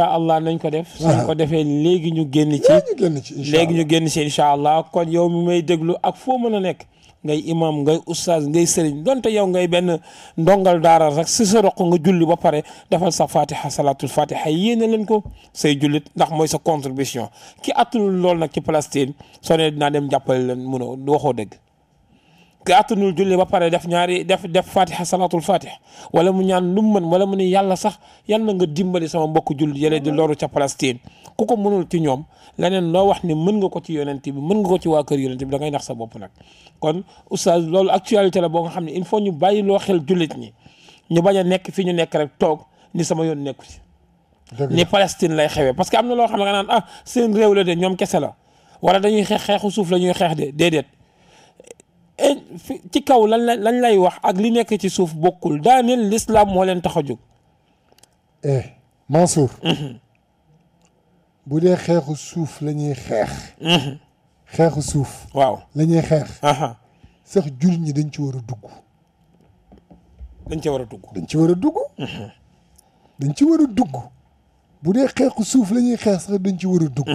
allah nañ ko def. suñ ah. defee léegi ñu génn ci. léegi ñu génn ci incha allah kon yow mi may déglu ak foo mën a nekk. ngay imam ngay oustaz ngay sëriñ donte yow ngay benn ndongal daara rek si sa roq nga julli ba pare defal sa fatiha salatul fatiha yéene leen ko say jullit ndax mooy sa contribution ki attul lool nag ci Palestine soo ne dinaa dem jàppale leen munoo waxoo dëgg. ki àttanul julli ba pare def ñaari def def fatiha salaatul fatih wala mu ñaan lu mu mën wala mu ne yàlla sax yal na nga dimbali sama mbokku julli yële di loru ca Palestine ku ko mënul ci ñoom leneen loo wax ni mën nga ko ci yonent bi mën nga ko ci waa kër yonent bi da ngay nax sa bopp nag kon oustaz loolu actualité la boo nga xam ne il faut ñu bàyyi loo xel jullit ñi ñu bañ a nekk fi ñu nekk rek toog ni sama yoon nekku ci ni Palestine lay xewee parce que am na loo xam ne nga naan ah seen réew la ñoom kese la wala dañuy xeex xeexu suuf la ñuy xeex de déedéet Eh, ci kaw lan la lan lay wax ak li nekk ci suuf bokkul daaneel lislaam moo leen tax a jóg eh Mansour mhm. bu dee xeexu suuf lañuy xeex mhm. xeexu suuf waaw la ñuy xeex sax jullit ñi dañ ci war a dugg dañ ci war a dugg dañ ci war a dugg mhm. ci war a dugg bu dee xeexu suuf la ñuy xeex sax dañ ci war a dugg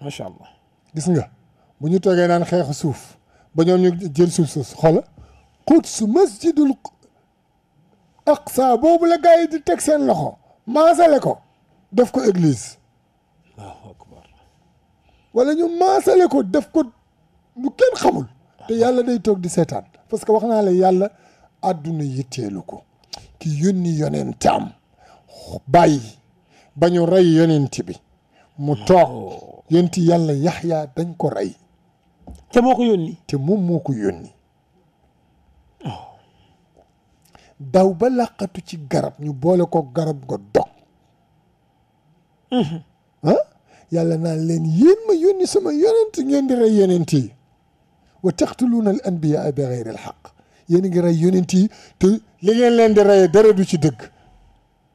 macha allah gis nga bu ñu toogee naan xeexu suuf ba ñoom ñu jël suuf sa xoola Quds masjidul aqsa boobu la gars yi di teg seen loxo maasale ko def ko église allahu wala ñu maasale ko def ko lu kenn xamul te yàlla day toog di seetaan parce que wax naa la yàlla àdduna yi yitteelu ko ki yónni yonentam bàyyi ba ñu rey yonent bi mu toog oh. yonenti yàlla yaxyaa dañ ko rey te moo te moom moo ko yónni daw ba làqatu ci garab ñu boole ko garab nga dog mhm. ah yàlla naan leen yéen ma yónni sama yonent ngeen di rey yonent yi wa taqtuluuna al anbiyaa bi gayri al xaq yéen a ngi rey yonent yi te li ngeen leen di reyee dara du ci dëgg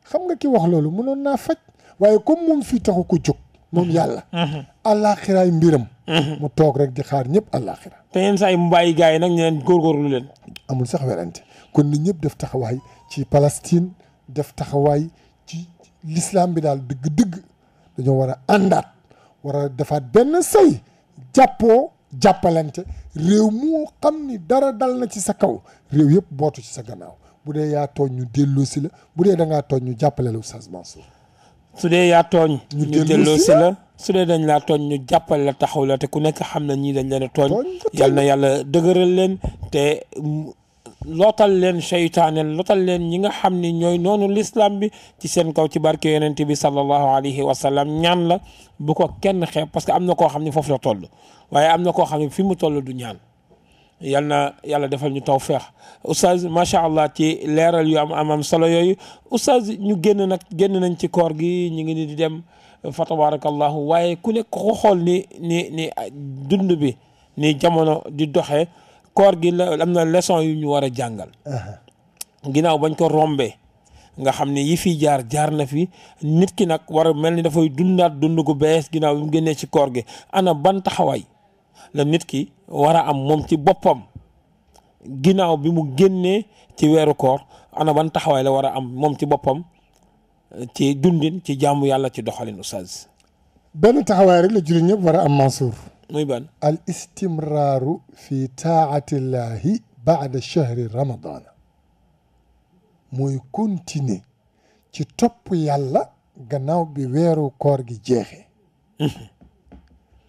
xam nga ki wax loolu mënoon naa faj waaye comme moom fii taxu ko jóg moom mhm. yàlla mhm. àllaaxiraay mbiram Mhm. mu toog rek di xaar ñëpp àllaaxira te yenn saa yi mu bàyyi yi nag ñu leen góorgóorlu leen amul sax werante kon nit ñëpp def taxawaay ci Palestine def taxawaay ci lislaam bi daal digg digg dañoo war a àndaat war a defaat benn say jàppoo jàppalante réew moo xam ni dara dal na ci sa kaw réew yëpp bootu ci sa gannaaw bu dee yaa tooñ ñu delloo si la bu dee da ngaa tooñ ñu jàppale la su dee yaa tooñ ñu delloo la su dee dañ laa tooñ ñu jàppal la taxaw la te ku nekk xam na ñii dañ leen a tooñ yal na yàlla dëgëral leen te lootal leen seytaane lootal leen ñi nga xam ni ñooy noonu l'islam bi ci seen kaw ci barke yonent bi sallallahu alayhi wa sallam ñaan la bu ko kenn xeeb parce que am na koo xam ne foofu la tool waaye am na koo xam ne fi mu toll du ñaan yal na yàlla defal ñu taw feex oustaz macha allah ci leeral yu am am am solo yooyu oustaz ñu génn nag génn nañ ci koor gi ñu ngi ni di fa tabarakallahu waaye ku nekk ko xool ni ni ni dund bi ni jamono di doxe koor gi la am na leçon yu ñu war a jàngal uh-huh. ginnaaw bañ ko rombee nga xam ne yi fi jaar jaar na fi nit ki nag war a mel ni dafay dundaat dund gu bees ginnaaw bi mu génnee ci koor gi ana ban taxawaay la nit ki war a am moom ci boppam ginnaaw bi mu génnee ci weeru koor ana ban taxawaay la war a am moom ci boppam ci dundin ci jaamu yàlla ci doxalin oustaz. benn taxawaay rek la jullit ñëpp war a am Mansour. muy ban al istimraaru fi taatillahi bada chahri ramadan mooy continuer ci topp yàlla gannaaw bi weeru koor gi jeexee.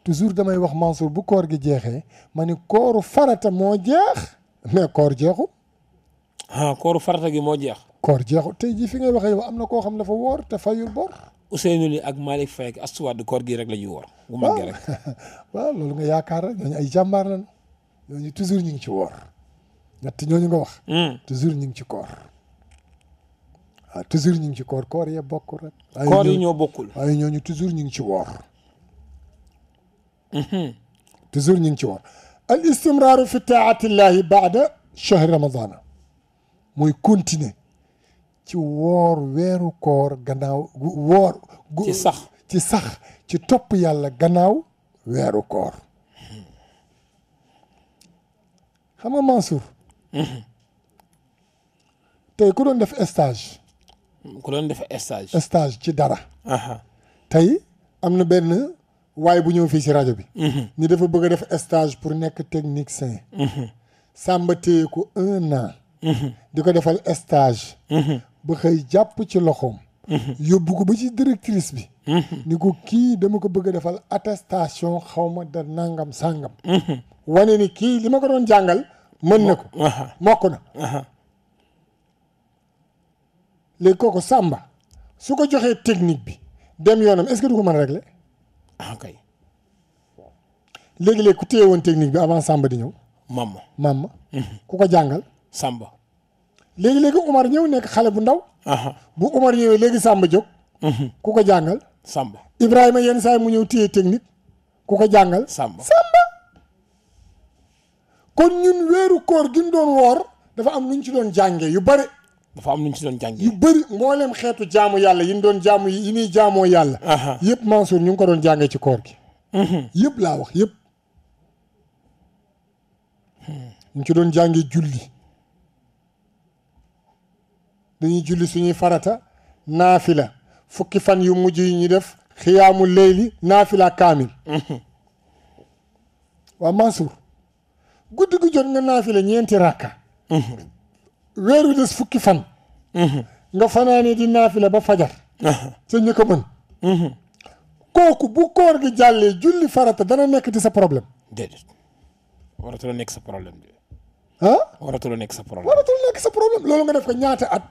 toujours damay wax Mansour bu koor gi jeexee ma ni kooru farata moo jeex mais koor jeexu. ah kooru farata gi moo jeex. koor jeexu tey ji fi ngay waxee yow am na koo xam dafa woor te fayul bor. Ousseynou li ak malik Faye ak Astou Wade koor gi rek la ñuy woor. bu màggee rek waaw loolu nga yaakaar rek ñooñu ay jàmbaar lan ñooñu toujours ñu ngi ci woor. ñett ñooñu nga wax. toujours ñu ngi ci koor. waaw toujours ñu ngi ci koor koor ya bokkul rek. koor yi ñoo bokkul waaye ñooñu toujours ñu ngi ci woor. toujours ñu ngi ci woor. al istimraaru fi taatillahi baada shahr ramadana mooy continuer. ci woor weeru koor gannaaw woor ci sax ci sax ci topp yàlla gannaaw weeru koor xam nga Mansour tey ku doon def stage ku doon def stage stage ci dara tey am na benn waaye bu ñëw fii ci rajo bi mhm. ni dafa bëgg a def stage pour nekk technicien mhm. sàmba téye ko un an mhm. di ko defal stage ba xëy jàpp ci loxoom. Mhm. yóbbu ko ba ci directrice bi. Mhm. ni ko kii dama ko bëgg a defal attestation xaw ma da nangam sangam. Mhm. wane ni kii li ma ko doon jàngal. mën na ko mokk na. léegi kooku Samba su ko joxee technique bi dem yoonam est a régler. ah kay téye woon technique bi avant sàmba di ñëw. mamma mamma ku ko jàngal. sàmba léegi léegi Umar ñëw nekk xale bu ndaw. bu Umar ñëwee léegi Samba jóg. Mhm. ku ko jàngal. sàmba Ibrahima yenn saa yi mu ñëw téye technique ku ko jàngal. sàmba kon ñun weeru koor gi ñu doon woor dafa am lu ci doon jàngee yu bëri. dafa am lu ci doon jàngee yu bëri mbooleem xeetu jaamu yàlla yi ñu doon jaamu yi ñuy jaamoo yàlla. yëpp Mansour ñu ngi ko doon jàngee ci koor gi. Mhm. yëpp laa wax yëpp. Hmm. ñu ci doon jàngee julli. dañuy julli suñuy farata naafila fukki fan yu mujj yi ñu def xiyaamu leyli naafila kaamil (laughs) waaw Mansour guddi gu jot nga naafila ñeenti rakka (laughs) weer wi des fukki fan (laughs) nga fanaane di naafila ba fajar sa ñi ko mën kooku bu koor gi jàllee julli farata dana nekk di sa problème la nekk sa problème ah. waratul nekk sa problème sa problème loolu nga def ko ñaata at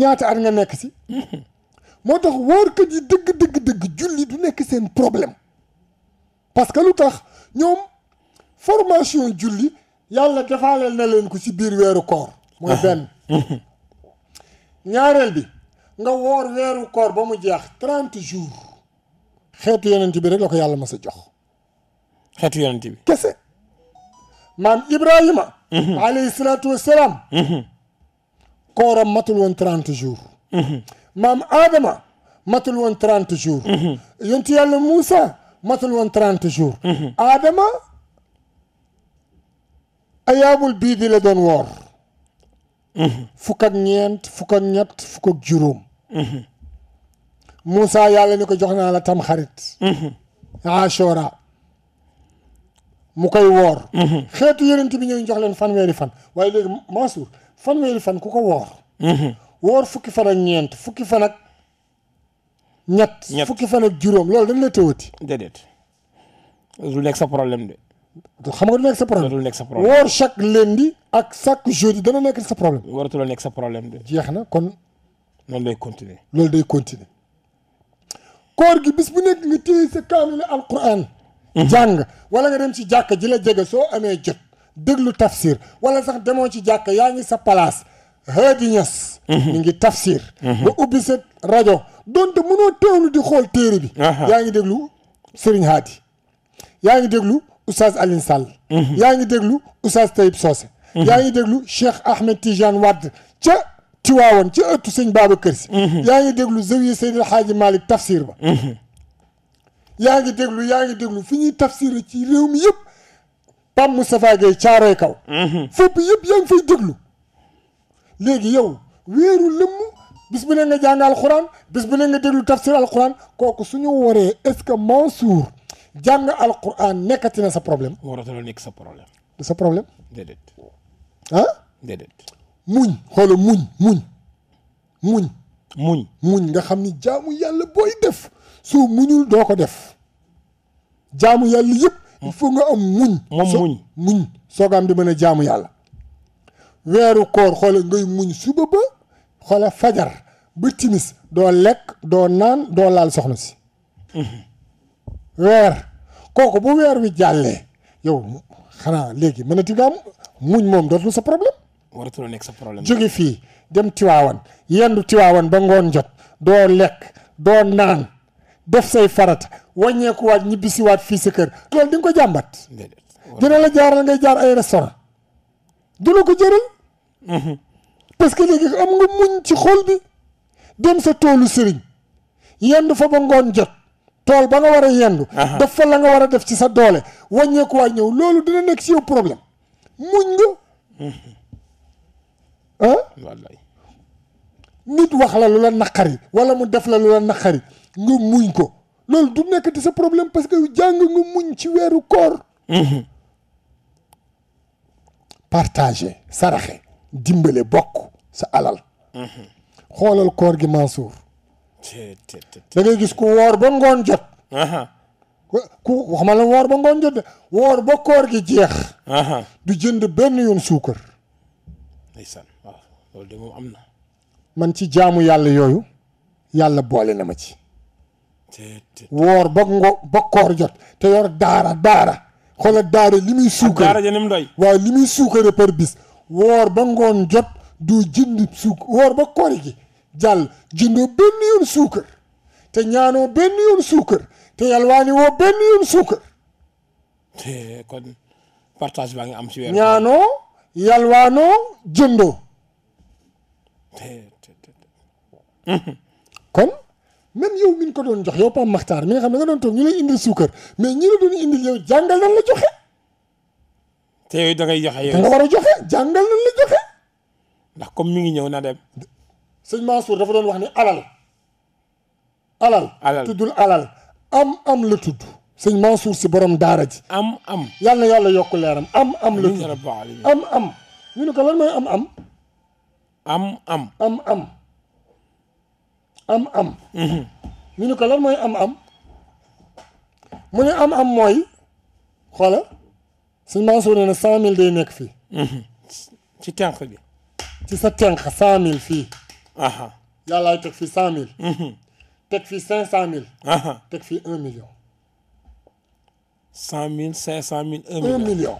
ñaata at nga nekk si. moo tax wóorkat yi dëgg dëgg dëgg julli du nekk seen problème parce que lu tax ñoom formation julli yàlla defaaleel na leen ko si biir weeru koor. mooy ah. benn. (laughs) ñaareel bi nga woor weeru koor ba mu jeex trent jours. xeetu yonent bi rek la ko yàlla ma sa jox. xeetu yonent bi kese. maam Ibrahima. alayhi salaatu wa salaam. kooram matul woon trente jours. maam Adama matul woon trente jours. yontu yàlla Moussa matul woon trente jours. Adama ayaamul bii di la doon woor. fukk ak ñeent fukk ak ñett fukk ak juróom. Moussa yàlla ni ko jox naa la tam xarit. mu koy woor xeetu yonent bi ñooy jox leen fanweeri fan waaye léegi Mansour fanweeri fan ku ko woor woor fukki fan ak ñeent fukki fan ak ñett fukki fan ak juróom loolu dañ la tëwati déedéet du nekk sa problème de xam nga du nekk sa problème du nekk sa problème woor chaque lundi ak chaque jeudi dana nekk sa problème waratula nekk sa problème de jeex na kon loolu day continuer loolu day continuer koor gi bis bu nekk nga téye sa kaamil alquran Mhm. jàng wala nga dem ci jàkka ji la jege soo amee jot déglu tafsir wala sax demoo ci jàkka yaa ngi sa palaas Hady Niass mhm. mi ngi tafsir mhm. ba ubbi sa rajo donte mënoo teewlu di xool téere bi yaa ngi déglu Serigne Hady yaa ngi déglu Oustaz Alioune Sall yaa ngi déglu Oustaz Taïb Socé yaa ngi déglu Cheikh Ahmed Tidiane Wade ca Tiwaawan ca ëttu sëñ Babacar Si yaa ngi déglu Zawiya Seydil Hadji Malick tafsir ba yaa ngi déglu yaa ngi déglu fi ñuy tafsiré ci réew mi yëpp pam Moustapha Gueye caaree kaw mhm. fépp yëpp yaa ngi fay déglu léegi yow weeru lëmm bis bu ne nga jàng alxuraan bis bu ne nga déglu tafsir alxuraan kooku su ñu waree est-ce que Mansour jàng alxuraan nekkati na sa problème waratala nekk sa problème sa problème déedéet ah muñ xoola muñ muñ muñ muñ muñ nga xam ni jaamu yàlla booy def soo muñul doo ko def jaamu yàlla yëpp il nga am muñ muñ muñ soog am di mën a jaamu yàlla weeru koor xoole ngay muñ suba ba xoole fajar ba timis doo lekk doo naan doo laal soxna si mm-hmm. weer kooku bu weer wi jàllee yow xanaa léegi mën a ti nga am muñ moom dootul sa problème waratul nekk sa problème jóge fii dem tiwaawan yendu tiwaawan ba ngoon jot doo lekk doo naan def say farata wàññeekuwaat ñibbisiwaat fii sa kër loolu di ko jambat dina la jaar nga jaar ay restaurant du la ko jëriñ mm-hmm. parce que legi am nga muñ ci xol bi dem sa tolu serigne yendu fa ba ngon jot tol ba nga wara yendu def fa la nga wara def ci sa doole wat ñew loolu dina nek ci yow problème muñ nga mm-hmm. ah nit wax la lu la nakari wala mu def la lu la nakari nga muñ ko loolu du nekk sa problème parce que jàng nga muñ ci weeru koor mhm. partager saraxe dimbale bokk sa alal mhm. xoolal koor gi mansour da ngay gis ku woor ba ngoon jot ku waxma la woor ba ngoon jot de woor ba koor gi jeex du jënd benn yoon suukar ndeysaan man ci jaamu yàlla yooyu yàlla boole na ma ci woor ba ngo ba koor jot te yor daara daara xoolal daara li suukar daara ja ni waaw li muy suukar par bis woor ba ngoon jot du jënd suuk woor ba koor gi jàll jëndoo benn yoon suukar te ñaanoo benn yoon suukar te yalwaani ngi am ci weer ñaanoo yalwaanoo jëndoo kon même yow mi ko doon jox yow Pape Makhtar mi nga xam ne nga doon toog ñu lay indil suukar mais ñu la doon indil yow jàngal nan la joxe. te yooyu da ngay joxe yow da war a joxe jàngal nan la comme mi ngi ñëw na dem. sëñ Mansour dafa doon wax ni alal. alal alal tuddul alal. am am la tudd. sëñ Mansour si borom daara ji. am am yàlla na yàlla yokk leeram am am la tudd am am ñu ko lan mooy am am. am am am am. am am ñu ne ko lan mooy am am mu ne am am mooy xoola suñ Mansour nee na cent mille day nekk fii ci tenq bi ci sa tenq cent mille fii yàllaay teg fii cent mille teg fi cinq cent mille teg fii un million cent mille cinq cent mille un million un million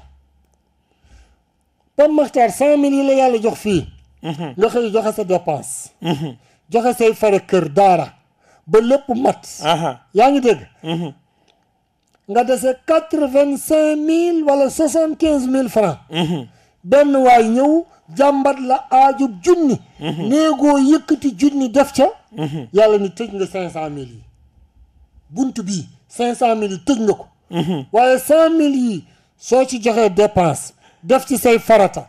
Pape Makhtar cent mille yi la yàlla jox fii nga xëy joxe sa dépense joxe say fare kër daara ba lépp mat yaa ngi dégg mhm. nga dese quatre vingt cinq mille wala soixante quinze mille francs mhm. benn waay ñëw jàmbat la aajub junni mhm. néegoo yëkkati junni def ca yàlla ni tëj nga cinq cent mille yi bunt bii cinq cent mille yi tëj nga ko waaye cent mille yi soo ci joxee dépense def ci say farata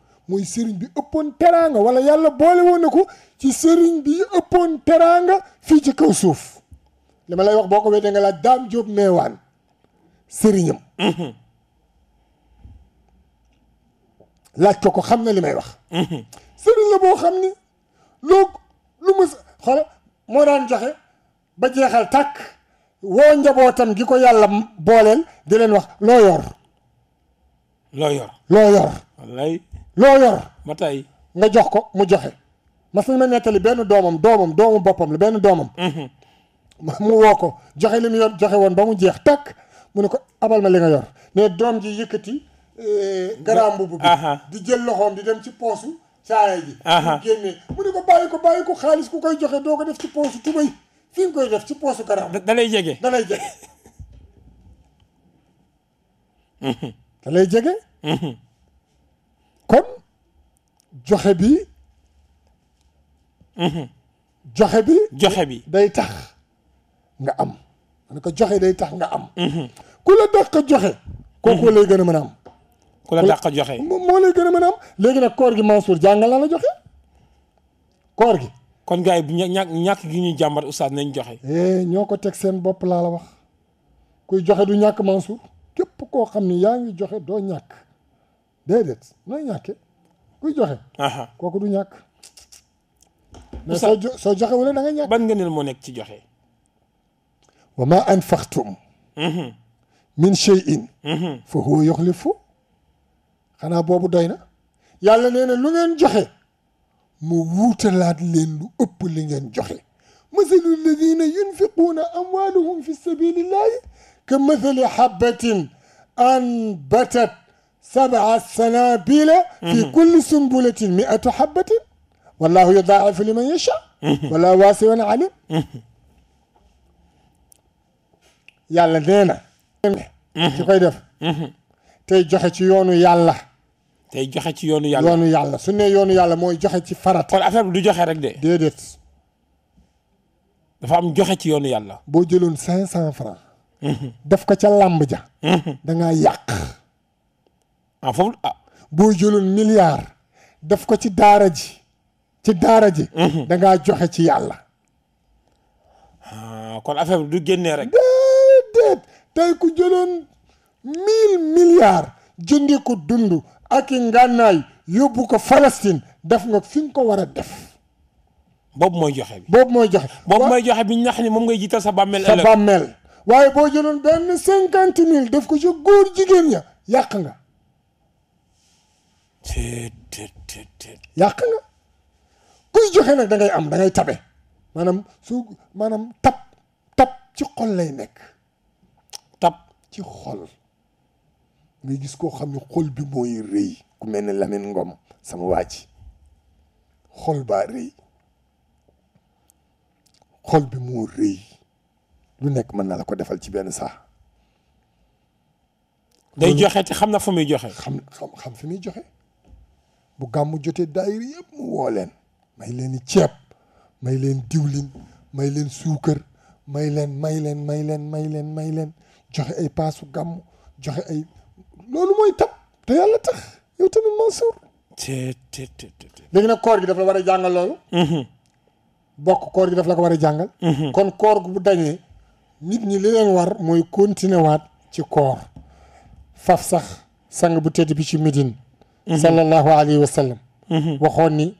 mooy sëriñ bi ëppoon teraanga wala yàlla boole woon na ko ci sëriñ bi ëppoon teraanga fii ci kaw suuf li ma lay wax boo ko weddee nga laaj daam jóob meewaan sëriñam laaj ko ko xam na li may wax sëriñ boo xam ni loo lu mu xool moo daan joxe ba jeexal tàkk woo njabootam gi ko yàlla booleel di leen wax loo yor loo yor loo yor loo yor. ba tey nga jox ko mu joxe. ma na ma nettali benn doomam doomam doomu boppam li benn doomam. Mhm. mu woo ko joxe li mu yor joxe woon ba mu jeex takk mu ne ko abal ma li nga yor mais doom ji yëkkati. Eh, garaam mbubb bi di jël loxoom di dem ci poosu caaya ji. mu génne mu ne ko bàyyi ko bàyyi ko xaalis ku koy joxe doo ko def ci poosu tubay fi nga koy def ci poosu garaam. da lay jege da lay jege. (laughs) Mhm. da lay jege. Mhm. comme joxe bi. Mhm. joxe bi. joxe bi day tax nga am. ma joxe day tax nga am. Mhm. ku la dàq joxe. kooku mhm. lay gën a mën a am. la dàq joxe. moo lay gën a mën léegi nag koor gi Mansour jàngal la la joxe koor gi. kon gars yi bu ñàkk ñàkk gi ñuy jàmbat oustaz nañ joxe. Eh, ñoo ko teg seen bopp laa la wax kuy joxe du ñàkk Mansour képp koo xam ni yaa ngi joxe doo ñàkk. dedet noy ñàkke kuy joxe. kooku du ñàkk. mais soo jo soo joxe wala da nga ñàkk. ban ngëneel moo nekk ci joxe. wa ma anfaqtum min shay'in fa huwa yukhlifu xana boobu doy na. yàlla nee na lu ngeen joxe. mu wuutalaat leen lu ëpp li ngeen joxe. مثل الذين ينفقون أموالهم في سبيل الله كمثل حبة أنبتت سبع سنابل في كل سنبلة مئة حبة والله يضاعف لمن يشاء ولا واسع عليم يلا دينا شكو يدف تي جوخي يونو يالا تي جوخي يونو يالا يونو يالا سنه يونو يالا موي جوخي سي فرات كون افام دو جوخي رك دي ديدت دا فام جوخي يونو يالا بو جيلون 500 فرانك دافكا تا لامبجا دا نغا ياك ah foofu ah boo jëloon milliard def ko ci daara ji ci daara ji. Mhm. da ngaa joxe ci yàlla. Ah, kon affaire du génnee rek. déedéet tey ku jëloon mille milliards jëndee ko dund ak i ngànnaay ko Palestine def nga fi nga ko war def. Bob mooy joxe bi boobu mooy joxe. boobu mooy joxe bi ñax ni moom ngay jiital sa bàmmeel. sa bàmmeel waaye boo def ko ci góor jigéen ña nga. yàq nga kuy joxe nag dangay am da ngay tabe maanaam su maanaam tab tab ci xol lay nekk tab ci xol ngay gis koo xam ne xol bi mooy rëy ku mel ni Lamine Ngom sama waa ji xol baa rëy xol bi moo rëy lu nekk mën na la ko defal ci benn saa day joxe te xam na fu muy joxe xam xam xam fi muy joxe bu gàmmu jotee daayira yëpp mu woo leen may leen i ceeb may leen diwlin may leen suukar may leen may leen may leen may leen may leen joxe ay paasu gàmmu joxe ay loolu mooy tab te yàlla tax yow tamit Mansour léegi nag koor gi daf la war a jàngal loolu mm-hmm. bokk koor gi daf la ko war a jàngal mm-hmm. kon koor gu bu dañee nit ñi li leen war mooy continuer waat ci koor faf sax sang bu tedd bi ci Médine Mm-hmm. sallallahu alayhi wa sallam mm-hmm. waxoon ni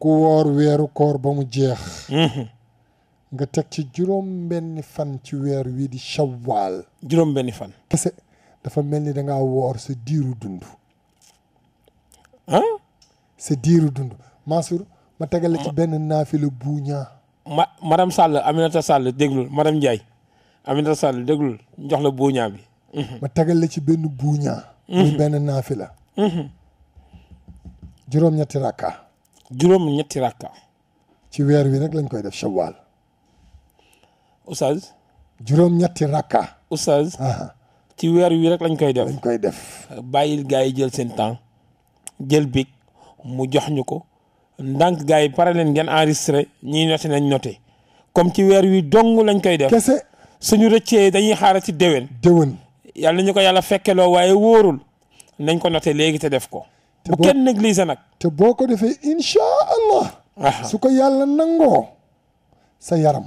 ku woor weeru koor ba mu jeex mm-hmm. nga teg ci juróom benni fan ci weer wii di shawwaal juróom benni fan kese dafa mel ni danga woor sa diiru dund ah sa diiru dund Mansour ma tegal ci benn naafila buuñaa ma madame Sall Aminata Sall déglul madame Ndiaye Aminata Sall déglul jox la buuñaa bi ma tegal ci benn buuñaa muy mhm. benn naafila mhm. juróom ñetti rakka juróom ñetti rakka ci weer wi rek lañ koy def shawal oustaz juróom ñetti rakka oustaz ci weer wi rek lañ koy def lañ koy def bàyyil gars yi jël seen temps jël big mu jox ñu ko ndànk gaay yi pare leen ngeen enregistré ñiy noté nañ noté comme ci weer wi dong lañ koy def kese suñu rëccee dañuy xaara ci déwén déwén yàlla nañu ko yàlla fekkeloo waaye wóorul nañ ko noté léegi te def ko. bu kenn négligé nag. te boo ko defee incha allah. su ko yàlla nangoo sa yaram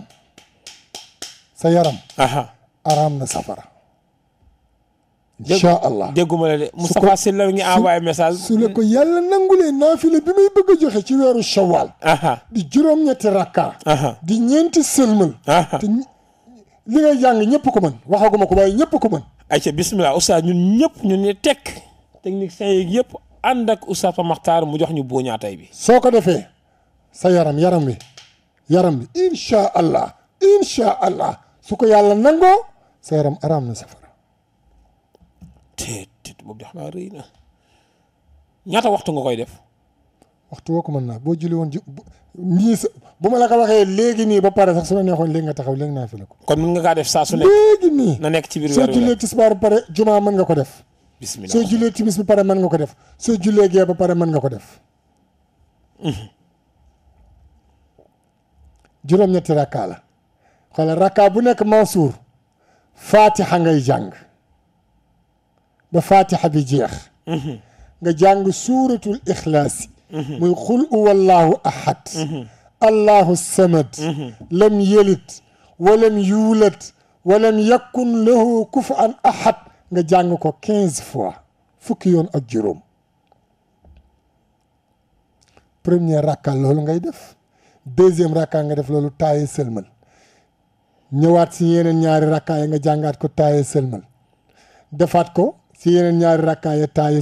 sa yaram. araam na safara. incha allah dégguma la de Moustapha Sylla la ngi envoyé message. su la ko yàlla nangulee naafila bi muy bëgg a joxe ci weeru shawal. di juróom-ñetti rakka. di ñeenti sëlmal. ñi ngay jàng ñëpp ko man waxaguma ko waaye ñëpp ko man ay bismillah oustaz ñun ñëpp ñun ni tek technicien yi yëpp ànd ak oustaz maxtaar mu jox ñu buuñaa tey bi soo ko defee sa yaram yaram wi yaram bi insha allah insha allah su ko yàlla nangoo sa yaram aram na safara teet teet boobu de xanaa rëy na ñaata waxtu nga koy def waxtu ko mën naa boo julli woon nii bu ma la ko waxee léegi nii ba pare sax su ma neexoon léegi nga taxaw léegi naa fi la ko. kon mën nga kaa def saa su nekk nii ci biir weer soo jullee tisbaar ba pare jumaa mën nga ko def. bismillah soo jullee timis ba pare mën nga ko def soo jullee gee ba pare mën nga ko def. Mhm. juróom-ñetti rakka la xoolal rakka bu nekk Mansour faatixa ngay jàng ba faatixa bi jeex. Mhm. nga jàng suuratul ikhlaasi. Mhm. muy xul uwallahu ahad. allahu samad mhm. lam yelit walam yuulat walam yakun lahu kufuwan ahad nga jàng ko quinze fois fukki yoon ak juróom premier rakka loolu ngay def deuxième rakka nga def loolu taaye sëlmal ñëwaat si yeneen ñaari rakka yi nga jàngaat ko taaye sëlmal defaat ko si yeneen ñaari rakka yi taaye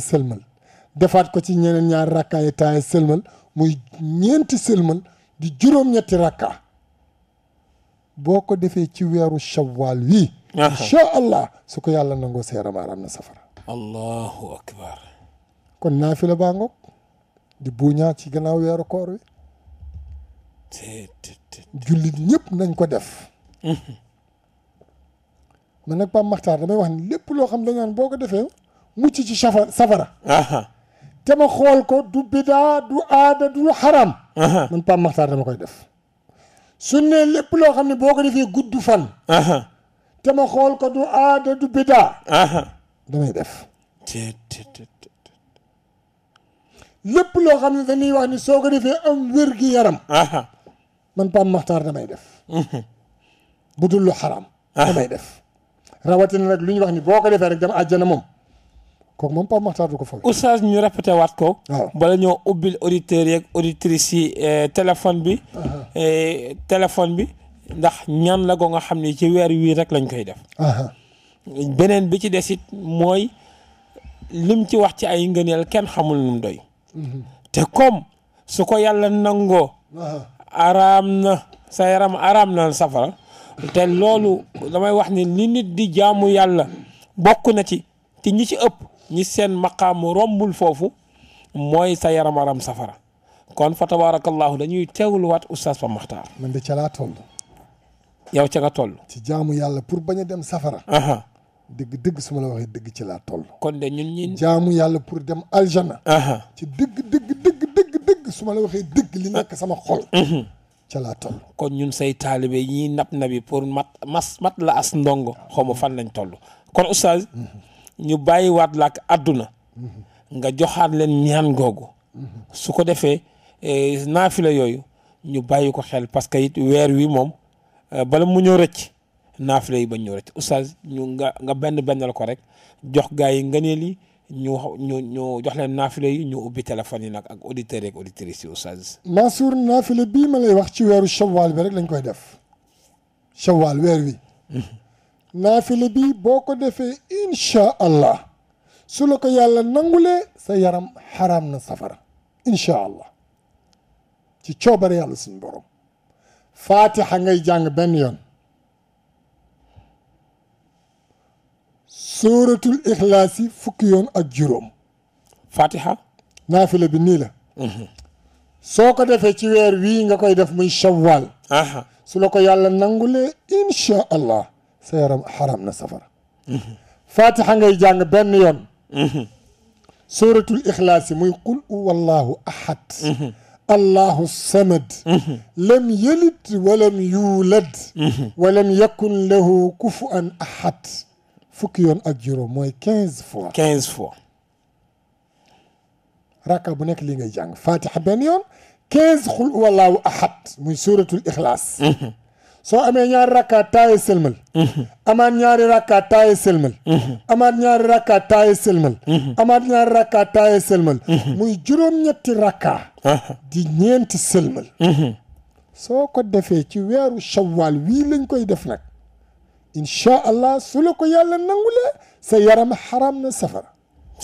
defaat ko ci yeneen ñaari rakka yi taaye sëlmal muy ñeenti sëlmal di juróom-ñetti rakka boo ko defee ci weeru shawwal wi insha allah su ko yàlla nangoo seeramaar na safara allahu akbar kon naafila baa ngoog di buuñaa ci gannaaw weeru koor wi jullit ñëpp nañ ko def mhm. man nag pam Makhtar damay wax ni lépp loo xam dañaan boo ko defee mucc ci safara te ma xool ko du bidaa du aada du xaram. man Pape Makhtar dama koy def. su ne lépp loo xam ne boo ko defee gudd fan. te ma xool ko du aada du bidaa. damay def. lépp loo xam ne dañuy wax ni soo ko defee am wér gi yaram. man Pape Makhtar damay def. Mhm. bu dul lu xaram. damay def. rawatina nag lu ñu wax ni boo ko defee rek dama àjjana moom. kooku moom Pape Makhtar du ko fal. oustaz ñu répété waat ko. waaw bala ñoo ubbil auditeurs yeeg auditrices yi eh, téléphone bi. Eh, téléphone bi ndax ñaan la ko nga xam ni ci weer wii rek lañ koy def. beneen bi ci des it mooy lim ci wax ci ay ngëneel kenn xamul nu doy. Mhm. te comme su ko yàlla nangoo. araam na sa yaram araam na safara. te loolu damay wax ni li nit di jaamu yàlla bokk na ci te ñi ci ëpp. ñi seen maqaamu rombul foofu mooy sa yaram yaramaram safara kon fa tabarakallahu dañuy teewluwaat oustaz Pape Makhtar man de ca laa toll yow ca nga toll ci jaamu yàlla pour bañ a dem safara dëgg dëgg su ma la waxee dëgg ci laa toll kon de ñun ñi jaamu yàlla pour dem aljana ci dëgg dëgg dëgg dëgg dëgg su ma la waxee dëgg li nekk sama xol mhm. ca laa kon ñun say taalibe ñi nap na bi pour mat mas mat la as ndongo xaw ma fan lañ toll kon oustaz mhm. ñu bàyyiwaat la ak àdduna nga joxaat leen ñaan googu su ko defee eh, naafila yooyu ñu bàyyi ko xel parce que it weer wi moom eh, bala mu ñëw rëcc naafila yi bañ ñëw rëcc oustaz ñu nga nga benn benn la ko rek jox gaa yi nga ngëneel yi ñu ñu ñu jox leen naafila yi ñu ubbi téléphone yi nag ak auditeurs yi ak auditrices yi oustaz. Mansour naafila bii ma lay wax ci weeru shawaal bi rek lañ koy def shawaal weer wi. (laughs) naafile bi boo ko defee incha allah su la ko yàlla nangulee sa yaram xaraam na safara incha allah ci coobare yàlla suñu borom faatixa ngay jàng benn yoon suuratul ixlaas yi fukki yoon ak juróom faatixa naafile bi nii la mhm. soo ko defee ci weer wii nga koy def muy shawwal su la ko yàlla nangulee incha allah سيارة حرمنا سفر فاتحة جان بنيون سورة الإخلاص يقول والله أحد الله الصمد لم يلد ولم يولد ولم يكن له كفوا أحد فكيون أجرو موي 15 فوا 15 فوا راكا بنك نيك لي جان فاتحة بنيون 15 قل والله أحد من سورة الإخلاص soo amee ñaari rakkaat taaye sëlmal mm-hmm. amaat ñaari rakkaat taaye sëlmal mm-hmm. amaat ñaari rakkaat taaye sëlmal mm-hmm. amaat ñaari muy juróom-ñetti rakkaat uh-huh. di ñeenti sëlmal soo ko defee ci weeru shawwal wii lañ koy def nag incha allah su la ko yàlla nangulee sa yaram xaram na safara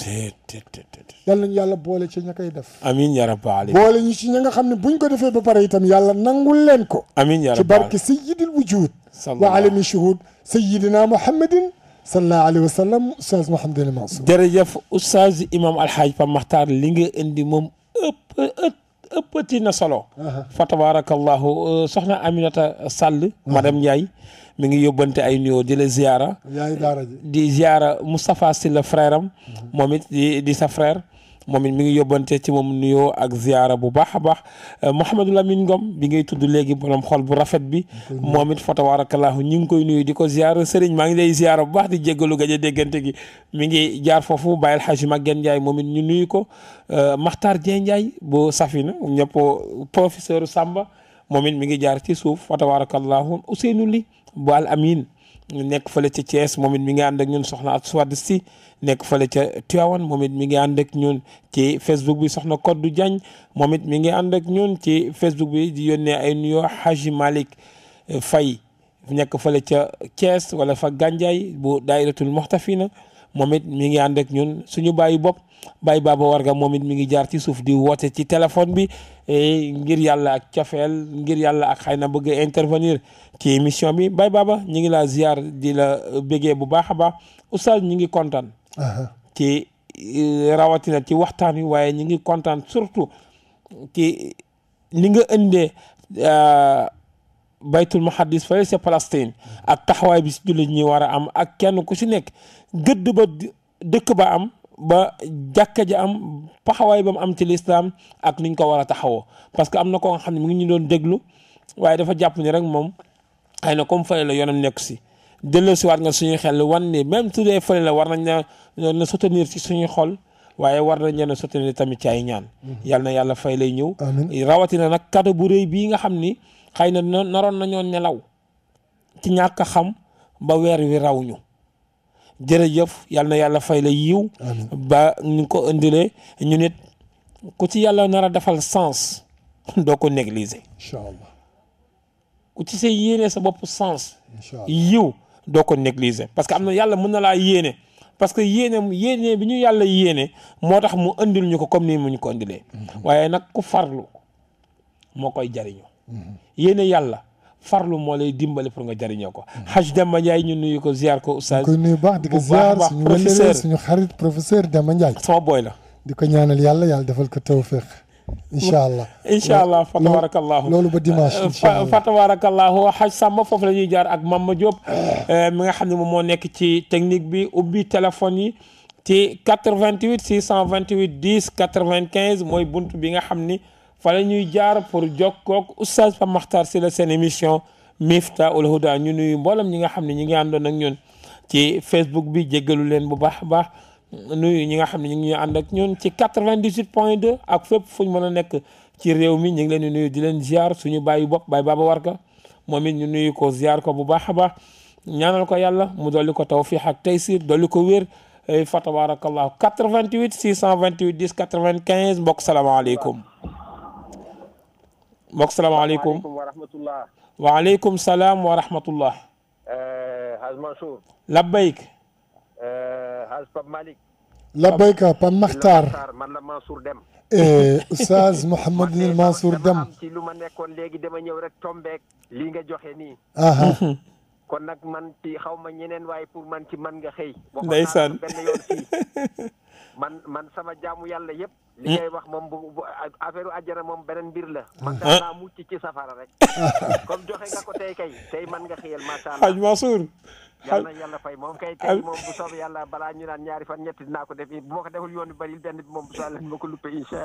yal nañu yàlla boole ci ña koy def amiin yaa rabbal aalamiin boole ñu ci ña nga xam ne buñ ko defee ba pare itam yàlla nangul leen ko amiin yaa rabbal aalamiin ci barke sayyidil wujuud wa alami shuhuud sayyidina muhammadin sallallahu alayhi wa sallam oustaz Mouhamadou Mansour jërëjëf oustaz imam alhaaj Pape Makhtar li nga indi moom ëpp ëppati na solo fa tabaarakallahu euh, soxna Aminata Sall madame Ndiaye mi ngi yóbbante ay nuyoo di la ziara. di ziara Moustapha Sylla frère am. Mhm. moom it di di sa frère. moom it mi ngi yóbbante ci moom nuyoo ak ziara bu baax a baax euh, Mouhamadou Lamine Ngom bi ngay tudd léegi borom xol bu rafet bi moom it fa tabarakallahu ñi ngi koy nuyu di ko ziara Serigne maa ngi lay ziara bu baax di jéggalu gëj a déggante gi mi ngi jaar foofu bàyyil xaji Maguène Ndiaye moom it ñu nuyu ko euh, Makhtar Dieng Ndiaye bu Safina ñëpp professeur Samba moom it mi ngi jaar ci suuf fa tabarakallahu Ousseynou bu al amin nekk fële ca Thiès moom mi ngi ànd ak ñun soxna ak Souad si nekk fële ca Tivaouane moom mi ngi ànd ak ñun ci Facebook bi soxna Koddu Diagne moom it mi ngi ànd ak ñun ci Facebook bi di yónnee ay nuyoo Haji Malick eh, Faye nekk fële ca Thiès wala fa Gandiaye bu daayiratul Muxtafina moom it mi ngi ànd ñun suñu bàyyi bopp bàyyi baaba warga moom it mi ngi jaar ci suuf di woote ci téléphone bi eh, ngir yàlla ak cofeel ngir yàlla ak xëy na bëgg intervenir ci émission bi bàyyi baaba ñu ngi laa ziar di la bëggee bu baax a baax oustaz ñu ngi kontaan ci eh, rawatina ci waxtaan wi waaye ñu ngi kontaan surtout ci ni nga indee ah, baytul muhaddis fële ca Palestine mm. ak taxawaay bi si jullit ñi war a am ak kenn ku si nekk gëdd ba dëkk ba am ba jàkka ji am paxawaay ba mu am ci lislaam ak niñ ko war a taxawoo parce que am na koo nga xam ne mu ngi ñu doon déglu waaye dafa jàpp ni rek moom xëy na comme fële la yoonam nekk si delloo si waat nga suñuy xel wan ni même su dee fële la war nañ na soutenir ci suñuy xol waaye war nañ leen a soutenir tamit ci ay ñaan mhm. yàlla na yàlla fay lay ñëw rawatina nag kado bu rëy bii nga xam ni xëy na naroon nañoo nelaw ci ñàkk a xam ba weer wi raw ñu jërëjëf yal na yàlla fay la yiw ba ñu ko indilee ñu nit ku ci yàlla nar a defal sens (laughs) doo ko négliger incha ku ci say yéene sa bopp sens yiw doo ko négliger parce que am na yàlla mun na laa yéene parce que yéene yéene bi ñu yàlla yéene moo tax mu indil ñu ko comme nii mu ñu ko indilee mm-hmm. waaye nag ku farlu moo koy jariñu mm-hmm. yéene yàlla farlu moo lay dimbali pour nga jëriñoo ko. Hadj Demba Ndiaye ñu nuyu ko ziar ko oustaz. bu baax di ko ziar suñu wëllëlee suñu xarit professeur Demba Ndiaye. sama boy la. di ko ñaanal yàlla yàlla defal ko tawféex. incha allah incha allah fa tabarakallahu loolu ba dimanche fa tabarakallahu xaj sàmm foofu la ñuy jaar ak Mama Diop ah. eh, mi nga xam ne moom moo nekk ci technique bi ubbi téléphone yi ci 88 628 10 95 mooy bunt bi nga xam ni fa la ñuy jaar pour jokkoog oustaz Pape si la seen émission Miftahoul Houda ñu nuyu mboolem ñi nga xam ne ñu ngi àndoon ak ñun ci Facebook bi jéggalu leen bu baax a baax nuyu ñi nga xam ne ñu ngi ànd ak ñun ci 98 point 2 ak fépp fu ñu mën a nekk ci réew mi ñu ngi leen di nuyu di leen jaar suñu bàyyi bopp bàyyi baaba war ka moom it ñu nuyu ko jaar ko bu baax a baax ñaanal ko yàlla mu dolli ko tawfiix ak tey taysir dolli ko wér fa tabarakallahu 88 628 10 95 mbokk salaamaaleykum mbokk salaamaaleykum wa rahmatullah waaleykum salaam wa rahmatullah Haj Mansour labbayk Haj Pap Malik labbayk Pap Maxtaar man la Mansour Deme Oustaz Mouhamadou Mansour Deme am ci lu ma nekkoon léegi dama ñëw rek tombeek lii nga joxe nii kon nag man ci xaw ma ñeneen waaye pour man ci man nga xëy ndeysaan benn yoon fii man man sama jaamu yàlla yëpp li ngay wax moom bu bu affaire àjjana moom beneen mbir la. Ah. macha ah. allah ci safara rek. (laughs) comme joxe nga ko tey kay tey man nga xiyal macha allah. Haj yal na yàlla fay moom kay tey moom bu soobee yàlla balaa ñu naan ñaari fan ñetti dinaa ko def bu ma ko yoon bi bari benn bi moom bu soobee lañ ma ko luppe incha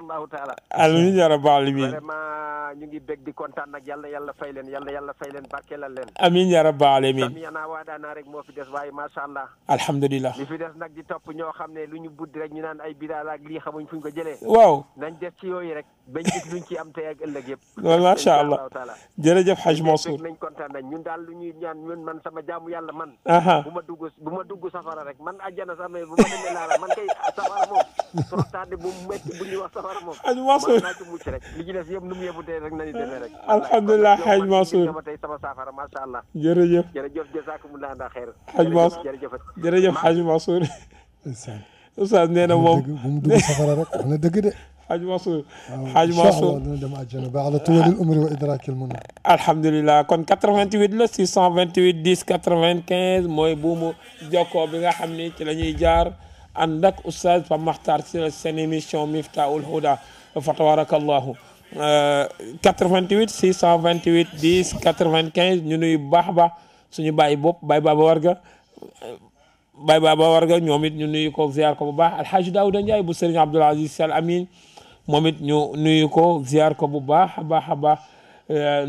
allahu taala amiin yaa rabbal aalamiin vraiment ñu ngi bég di kontaan nag yàlla yàlla fay leen yàlla yàlla fay leen barkeelal leen amiin yaa rabbal aalamiin samiyanaa waadaanaa rek moo fi des waaye macha allah alhamdulilah li fi des nag di topp ñoo xam ne lu ñu buddi rek ñu naan ay bidaal ak lii xamuñ fuñ ko jëlee waaw nañ des ci yooyu rek bañ gis luñ ci am tey ak ëllëg yëpp. (laughs) loolu macha allah jërëjëf Hadj Mansour. nañ kontaan nañ ñun daal lu ñuy ñaan ñun sama jaamu yàlla man. bu ma dugg bu ma dugg safara rek man àjjana sax mais bu ma demee laara man kay (laughs) safara moom. trop tardé bu mu métti bu ñuy wax safara moom. Hadj Mansour man naa ci mucc rek li ci des yëpp nu mu yëbutee rek nañu demee rek. (laughs) alhamdulilah Hadj Mansour sama tey sama saafara macha allah. jërëjëf jërëjëf jazakumullah ndax xeer. Hadj Mansour jërëjëf jërëjëf Hadj Mansour. Oustaz nee na moom bu حاج منصور آه، حاج منصور ندم اجنبي على طول الامر وادراك المنى الحمد لله كون 88 لا 628 10 95 موي بومو جوكو بيغا خامني تي لا ني جار عندك استاذ فمختار سن ميشن مفتاح الهدى فتبارك الله 88 628 10 95 ني نوي باخ با سوني باي بوب باي بابا ورغا باي بابا ورغا نيوميت ني نوي كو زيار كو باخ الحاج داوود نجاي بو سيرن عبد العزيز سال امين momit ñu nuyu ko ziar ko bu baax a baax a baax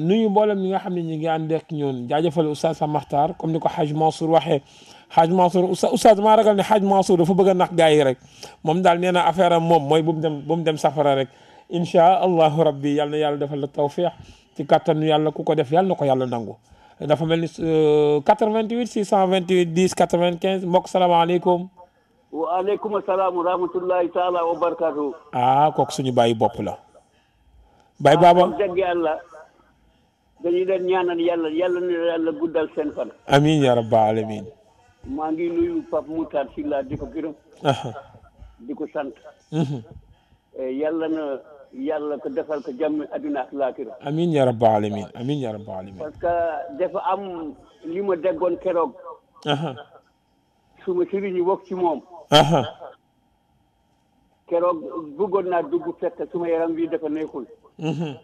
nuyu mboolem ñi nga xam ne ñu ngi ànd ak ñun jaajëfal oustaz Sam Makhtar comme ni ko Hadj Mansour waxee Hadj Mansour oustaz oustaz maa ragal ne Hadj Mansour dafa bëgg a nax gars yi rek moom daal nee na affaire am moom mooy bu mu dem bu mu dem safara rek insha allah rabbi yàlla na yàlla defal la tawfiix ci kattanu yàlla ku ko def yàlla na ko yàlla nangu. dafa mel ni 88 628 10 95 mbokk salaamaaleykum. waaleykum salaam wa rahmatullahi taala wa barakaatu. ah kooku suñu bàyyi bopp la. bay baaba ah yàlla. dañuy doon ñaanal yàlla yàlla na yàlla guddal seen amiin yaa rabba alamin maa ngi nuyu Pape Moutar Sylla di ko gërëm. di ko sant. Mhm. Eh, yàlla na yàlla ko defal ko jàmm adduna ak laakira. amiin yaa rabba alamin parce que dafa am li ma keroog. su ma sëriñ wax ci moom. keroog bëggoon naa dugg fekk suma yaram wi dafa neexul mhm.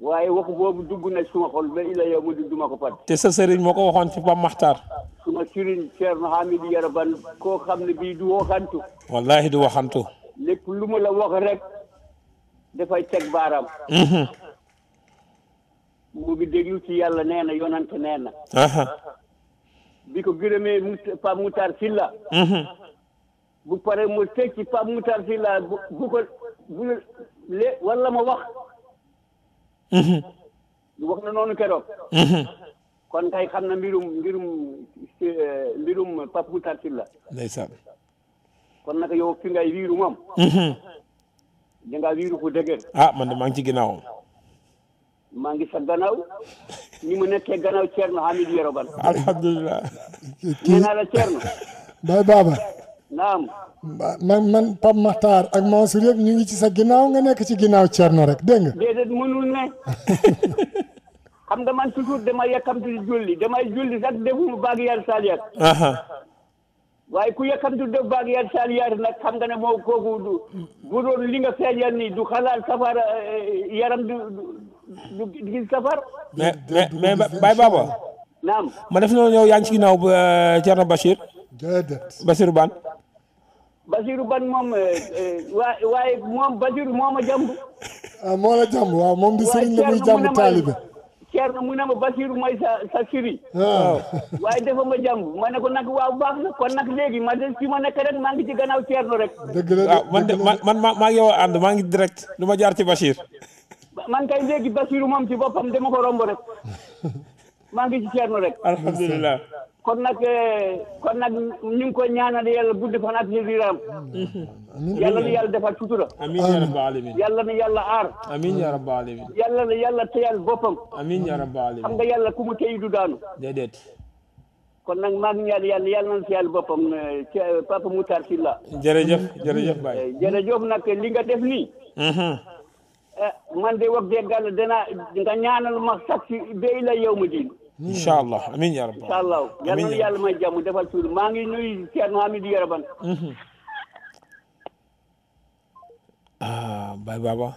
waaye wax boobu dugg na suma xol ba ila yow mu di duma ko fàtte te sa sëriñ moo ko waxoon ci Pam Maxtaar suma sëriñ Cheikh Mohamed Yaraban koo xam ne bii du waxantu wallahi du waxantu lépp luma la wax rek dafay teg baaraam mhm. mu ngi déglu ci yàlla nee na yonante nee bi ko gërëmee Pape Moutar Sylla mhm. bu pare mu teg ci Pape Moutar Sylla bu bu ko bu le wala ma mhm. na noonu keroog mhm. kon kay xam na mbirum mbirum eh, mbirum Pape Moutar Sylla ndeysaan kon naka yow fi ngay wiiru moom da wiiru ku dëgër ah man de maa ngi ci ginnaawam maa ngi sa gannaaw ni mu nekkee gannaaw Thierno Hamidou Yoroban. alhamdulilah. nee naa la Thierno. bay baaba. naam. man man Pape Makhtar ak Mansour yëpp ñu ngi ci sa ginnaaw nga nekk ci ginnaaw Thierno rek dégg nga. déedéet mënul ne. (laughs) xam nga man toujours damay yàkkamti di julli damay julli sax defu baag yar saaliyaat. waaye ku yàkkamti def baag yar saaliyaat nag xam nga ne moo kooku du bu doon li nga feeñal nii du xalaat safara eh, yaram du. du gis safar. mais naam ma def noonu yow yaa ngi ci ginnaaw euh, Thierno Bachir. déedéet Bachir Ban. Basiru ban moom euh, euh, waaye waaye moom Basiru moo ma jàmb. Ah, moom di sëriñ la muy jàmb taalibe. Ceerno mu ne ma Basiru mooy sa sa ah. waaye dafa ma jàmb ma ne ko nag waaw baax na kon nag léegi man de fi ma nekk rek ngi ci gannaaw Ceerno rek. dëgg la waaw ah, man de man man maa ngi yow ànd du ma jaar ci Bachir. man kay léegi Basiru moom ci boppam dama ko romb rek maa ngi ci Ceerno rek. alhamdulilah. kon nag eh, kon nag ñu ngi ko ñaanal yàlla gudd fan ak liram yàlla na yàlla defal sutura amiin ya rabbal alamin yàlla na yàlla aar amiin ya rabbal alamin yàlla na yàlla teyal boppam amiin ya rabbal alamin xam nga yàlla ku mu tey du daanu déedéet kon nag maa ngi ñaan yàlla yàlla na teyal boppam eh, ci eh, Papa Moutar Sylla jërëjëf jërëjëf Baye jërëjëf def nii Eh, man de wax dëgg yàlla danaa nga ñaanal ma sax si béy la yow ma diin. incha allah amiin yaa rabbi. yal may jàmm defal suul maa ngi nuyu Thierno Hamidou Yaraban. Mhm. ah Baye Baba.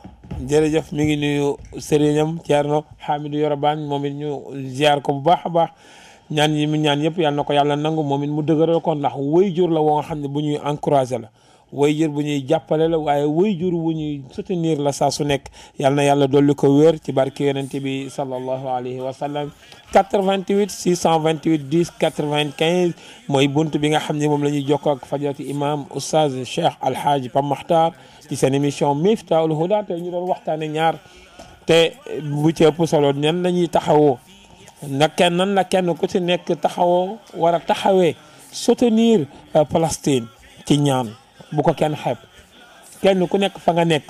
jërëjëf mi ngi nuyu sëriñam Thierno Hamidou Yaraban moom it ñu ziar ko bu baax a baax. ñaan yi mu ñaan yëpp yal na ko yàlla nangu moom it mu dëgëral ko ndax wéy jur la woo xam ne bu ñuy encouragé la. way jur bu ñuy jàppale la waaye way jur bu ñu soutenir la saa su nekk yal na yàlla dolli ko wér ci barke yonente bi sallallahu alayhi wa sallam 88 628 10 95 mooy bunt bi nga xam ne moom la ñuy jokkoo ak fajati imam oustaz cheikh alhaaji Pape Makhtar ci seen émission Miftahul Huda te ñu doon waxtaane ñaar te bu ci ëpp solo nan la ñuy taxawoo na kenn nan la kenn ku ci nekk taxawoo war a taxawee soutenir euh, Palestine ci ñaan bu ko kenn ken kenn ku nek fa nga nek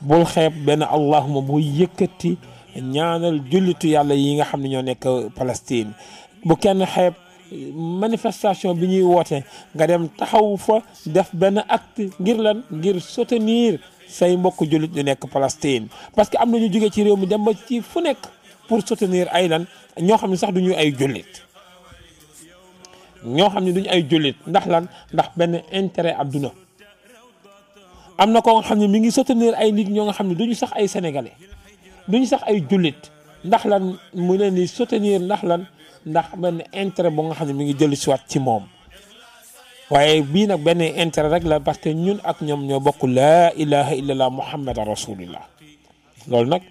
bul xeb ben allahumma bu yekati ñaanal julitu yàlla yi nga xamni ño nek Palestine bu kenn xeb manifestation bi ñuy wote nga dem taxaw fa def ben acte ngir lan ngir soutenir say mbokk julit ñu nek Palestine parce que am na ñu jóge ci rew mi dem ba ci fu nek pour soutenir ay lan ño xamni sax du ñu ay julit ño xamni duñ ay julit ndax lan ndax ben intérêt àdduna am na ko xam ne mi ngi soutenir ay nit ñoo nga xam ne duñu sax ay sénégalais ñu sax ay jullit ndax lan mu leen di soutenir ndax lan ndax ne intérêt bu nga xam ne mi ngi jëli soit ci moom waaye bii nag benn intérêt rek la parce que ñun ak ñoom ñoo bokk laa ilaha illallah muhammad rasulullah loolu nag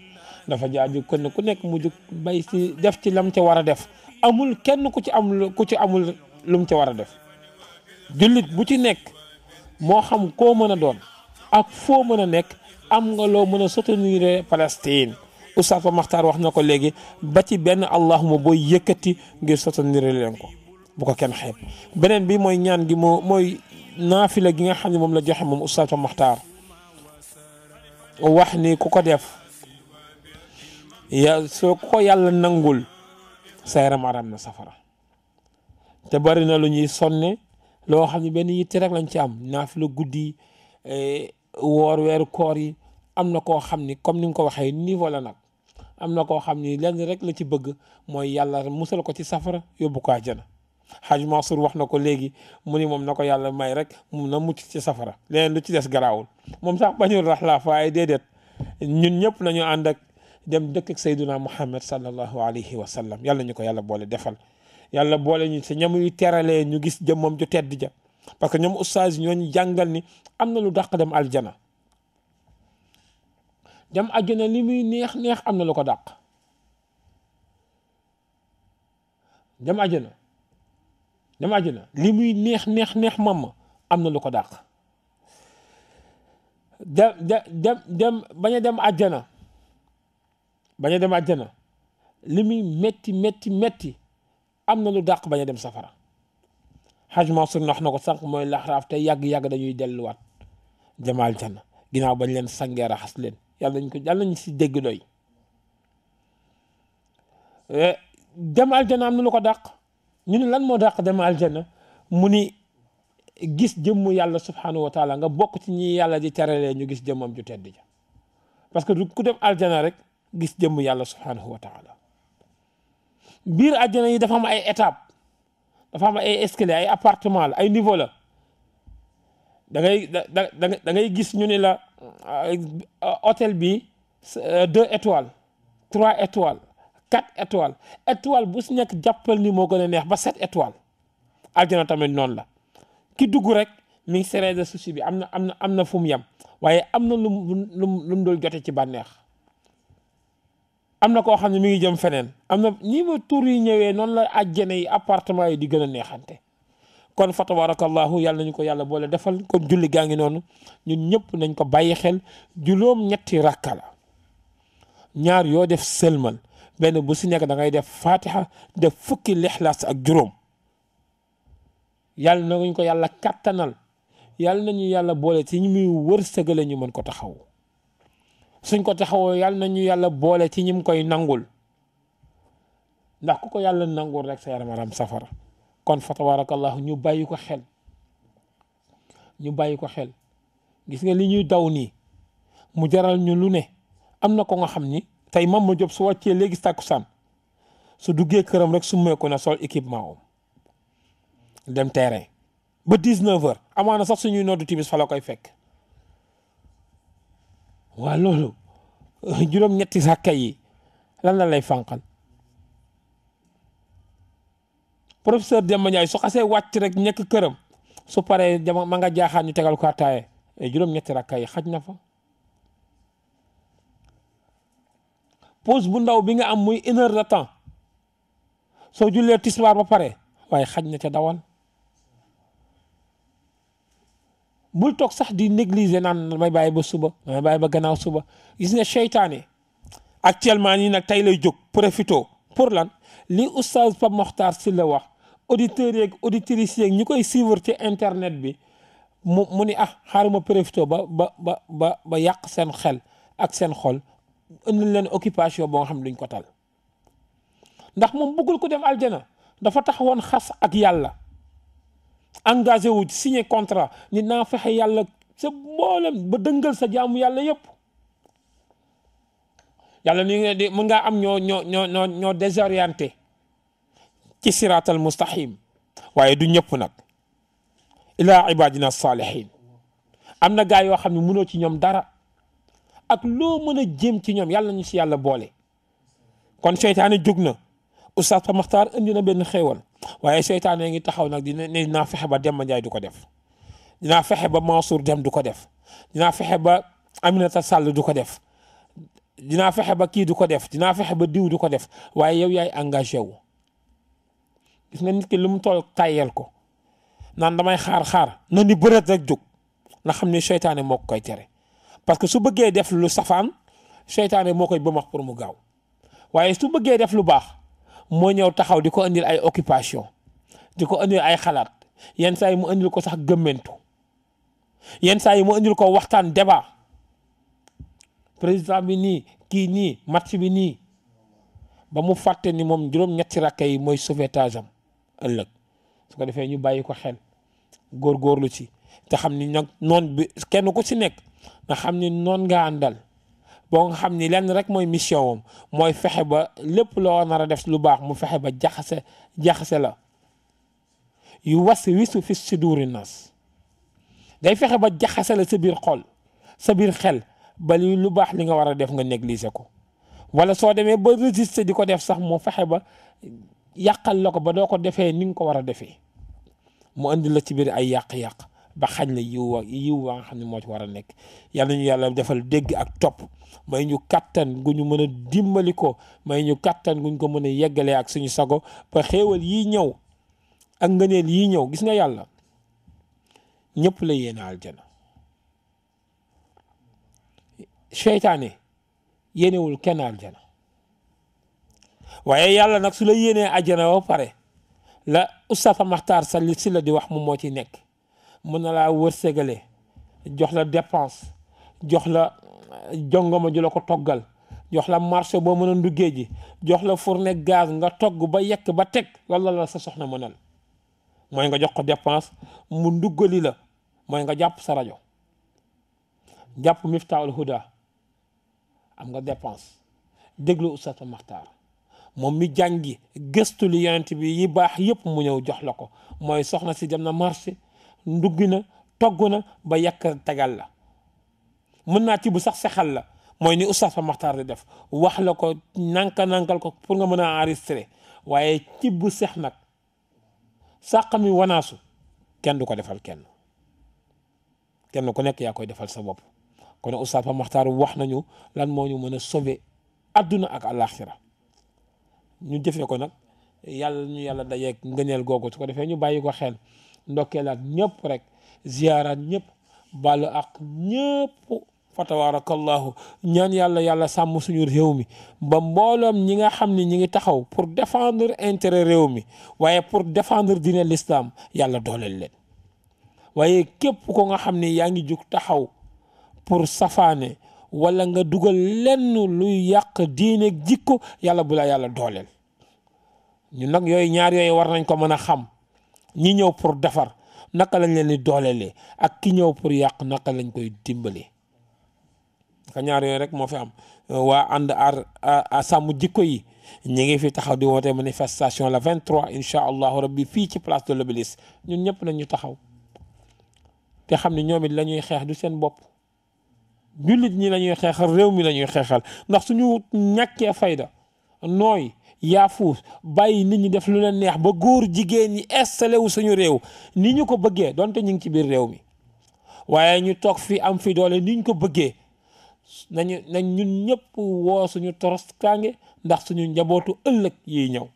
dafa jaaju kon ku nekk mu bay si def ci lam ca war a def amul kenn ku ci am ku ci amul lum ca war a def jullit bu ci nekk moo xam koo mën a doon ak foo mën a nekk am nga loo mën a soutenir Palestine Oustaz Pape Makhtar wax na ko léegi ba ci benn allahuma booy yëkkati ngir soutenir leen ko bu ko kenn xeeb beneen bi mooy ñaan gi moo mooy naafila gi nga xam ne moom la joxe moom Oustaz Pape Makhtar wax ni ku ko def ya soo ko yàlla nangul sa yaram na safara te bari na lu ñuy sonne loo xam ne benn yitte rek lañ ci am naafila guddi eh, woor weeru koor yi am na koo xam ni comme ni nga ko waxee nii la nag am na koo xam ni lenn rek la ci bëgg mooy yàlla musal ko ci safara yóbbu ko xaj ma Mansour wax na ko léegi mu ni moom na ko yàlla may rek mu na mucc ci safara leneen lu ci des garaawul moom sax bañul rax laa faaye déedéet ñun ñëpp nañu ànd ak dem dëkk ak sayduna muhammad sallallahu alayhi wa sallam yàlla ñu ko yàlla boole defal yàlla boole ñu si ñam yu teralee ñu gis jëm moom ju tedd ja parce que ñoom ustaas yi ñooñu jàngal ni am na lu dàq dem aljana dem aljana li muy neex neex am na lu ko dàq dem aljana dem aljana li muy neex neex neex mam am na lu ko dàq dem dem dem bañ a dem aljana bañ dem aljana li muy metti metti metti am na lu dàq bañ a dem safara حجم صرنا احنا قصق موي الاحراف تي ياغ ياغ دانيو دلوات جمال جانا غيناو بان لين سانغي راخس لين يالا نكو يالا نسي ديغ دوي جمال جانا امنو لوكو داق ني نو لان مو داق جمال جانا موني غيس جيمو يالا سبحانه وتعالى غا بوك تي ني يالا دي تيرالي ني غيس جيمم جو تيد جا باسكو كو ديم الجانا رك غيس جيمو يالا سبحانه وتعالى بير الجانا يي ما اي ايتاب dafa am ay escalier ay appartement la ay niveau la da ngay da da ngay gis ñu ni la euh, hôtel bi euh, deux étoiles trois étoiles quatre étoiles étoile bu si nekk jàppal ni moo gën a neex ba sept étoiles aljana tamit noonu la ki dugg rek mi ngi seree de souci bi am na am na am na fu mu yem waaye am na lu mu lu mu doon jote ci bànneex am na koo xam ne mi ngi jëm feneen am na ñii ma tur yi ñëwee noonu la àjjana yi appartement yi di gën a neexante kon fa tabarakallahu yàlla nañu ko yàlla boole defal kon julli gaa ngi noonu ñun ñëpp nañ ko bàyyi xel juróom ñetti rakka la ñaar yoo def sëlmal benn bu si nekk dangay def fatiha def fukki lixlaas ak juróom yàlla nañu ko yàlla kattanal yàlla nañu yàlla boole ci ñu muy wër wërsëgale ñu mën ko taxaw suñ ko taxawoo yàlla na ñu yàlla boole ci ñim koy nangul ndax ku ko yàlla nangul rek sa yaram safara kon fa tabarakallahu ñu bàyyi ko xel ñu bàyyi ko xel gis nga li ñuy daw nii mu jaral ñu lu ne am na ko nga xam ni tey mam ma job su wàccee léegi sàkku sam su duggee këram rek su meeku na sol équipement om dem terrain ba 19 heures amaana sax suñuy noddu timis fa la koy fekk waa loolu (laughs) juróom-ñetti sàkka yi lan la lay fànqal professeur Demba Ndiaye su xasee wàcc rek ñekk këram su paree jama ma nga jaaxaan ñu tegal ko attaaye eh, juróom-ñetti rakka yi xaj na fa pause bu ndaw bi nga am muy une heure de temps soo jullee tisbaar ba pare waaye xaj na ca dawal bul toog sax di négliger naan may bàyyi ba suba may bàyyi ba gannaaw suba gis nga seytaane actuellement nii nag tey lay jóg profito pour lan li oustaz Pape Mokhtar si la wax auditeurs yeeg auditrices yeeg ñu koy suivre ci internet bi mu mu ni ah xaaruma profito ba ba ba ba ba yàq seen xel ak seen xol indi leen occupation boo xam duñ ko tal ndax moom bëggul ko dem aljana dafa taxawoon xas ak yàlla engagé wu signé contrat ni naa fexe yàlla sa mboolem ba dëngal sa jaamu yàlla yëpp yàlla ni nga di mën ngaa am ñoo ñoo ñoo ñoo ñoo désorienté ci siraatal mustaqim waaye du ñëpp nag ilaa ibadina salihin am na gaa yoo xam ne mënoo ci ñoom dara ak loo mën a jéem ci ñoom yàlla ñu si yàlla boole kon seytaane jóg na oustaz fa Maxtaar indi na benn xéewal waaye seytaane ngi taxaw nag dina ne dinaa fexe ba Demba Ndiaye du ko def dinaa fexe ba Mansour Dem du ko def dinaa fexe ba Aminata Sall du ko def dinaa fexe ba kii du ko def dinaa fexe ba diw du ko def waaye yow yaay engagé wu gis nga nit ki lu mu toll tàyyeel ko naan damay xaar xaar na ni bërët rek jóg na xam ne seytaane moo ko koy tere parce que su bëggee def lu safaan seytaane moo koy bëmax pour mu gaaw waaye su bëggee def lu baax. mooy ñëw taxaw di ko indil ay occupation di ko indil ay xalaat yenn saa yi mu indil ko sax gëmmentu yenn saa yi mu indil ko waxtaan débat président bi nii kii nii match bi nii ba mu fàtte ni moom juróom-ñetti rakka yi mooy sauvetage am ëllëg su ko defee ñu bàyyi ko xel góor góorlu ci te xam ni nag noon bi kenn ku ci nekk nga xam ni noon nga àndal boo nga xam lenn rek moy mission wam moy fexe ba lépp lo nar a def lu bax mu fexe ba jaxase jaxase la yu was wisu fi sidurin nas day fexe ba jaxase la sa bir xol sa bir xel ba li lu bax li nga wara def nga négliger ko wala so démé ba résister diko def sax mo fexe ba yakal lako ba do ko defé ni nga ko war a mu andi la ci bir ay yak yak ba xañ la yiw wa waa nga xam ne moo ci war a nekk yal nañu yàlla defal dégg ak topp may ñu kàttan mën a dimbali ko may ñu kàttan guñ ko mën yeggalee ak suñu sago ba xéewal yii ak ngëneel yii ñëw gis nga yàlla ñëpp la yéene aljana seytaane yéenewul kenn aljana waaye yàlla nag su la yéenee aljana ba pare la Oustaz Makhtar Sylla di wax moom moo ci nekk mën na laa wërsëgale jox la dépense jox la euh, jongoma ju la ko toggal jox la marché boo mën a nduggee ji jox la fourne gaz nga togg ba yekk ba teg loolu la sa soxna mënal mooy nga jox ko dépense mu nduggali la mooy nga jàpp sa rajo jàpp Miftaahul Huda am nga dépense déglu oustad Maxtaar moom mi jàngi gëstu li yonent bi yi baax yëpp mu ñëw jox la ko soxna si dem na marché ndugg na togg na ba yàkkar tegal la mën naa ci bu sax sexal la mooy ni oustaz Pape maxtaar di def wax la ko nanka nankal ko pour nga mën a enregistrer waaye ci bu sex nag sàqami wanaasu kenn du ko defal kenn kenn ku nekk yaa koy defal sa bopp kon oustaz Pape Makhtar wax nañu lan moo ñu mën a sauver adduna ak àllaaxira ñu jëfee ko nag yàlla ñu yàlla dajeeg ngëneel googu su ko defee ñu bàyyi ko xel ndokkeelaat ñëpp rek ziyaaraat ñëpp bàllu ak ñëpp fa tabaarakallahu ñaan yàlla yàlla sàmm suñu réew mi ba mbooloom ñi nga xam ni ñi ngi taxaw pour défendre intérêt réew mi waaye pour défendre dine l'islam yàlla dooleel leen waaye képp ko nga xam ni yaa ngi jug taxaw pour safaane wala nga dugal lenn lu yàq diine jikko yàlla bu la yàlla dooleel ñun nag yooyu ñaar yooyu war nañ ko mën a xam ñi ñëw pour defar naka lañ leen di dooleelee ak ki ñëw pour yàq naka lañ koy dimbali naka ñaar yooyu rek moo fi am euh, waa ànd a sàmm jikko yi ñi ngi fi taxaw di woote manifestation la 23 incha allahu rabbi fii ci place de l'Obélisque ñun ñëpp nañu taxaw te xam ne ñoom it la ñuy xeex du seen bopp jullit ñi la ñuy xeexal réew mi lañuy ñuy xeexal ndax suñu ñàkkee fayda nooy yaafuus bàyyi nit ñi def lu leen neex ba góor jigéen ñi installé wu suñu réew ni ñu ko bëggee donte ñu ngi ci biir réew mi waaye ñu toog fi am fi doole ni ñu ko bëggee na nañ ñun ñëpp woo suñu toros kànge ndax suñu njabootu ëllëg yi ñëw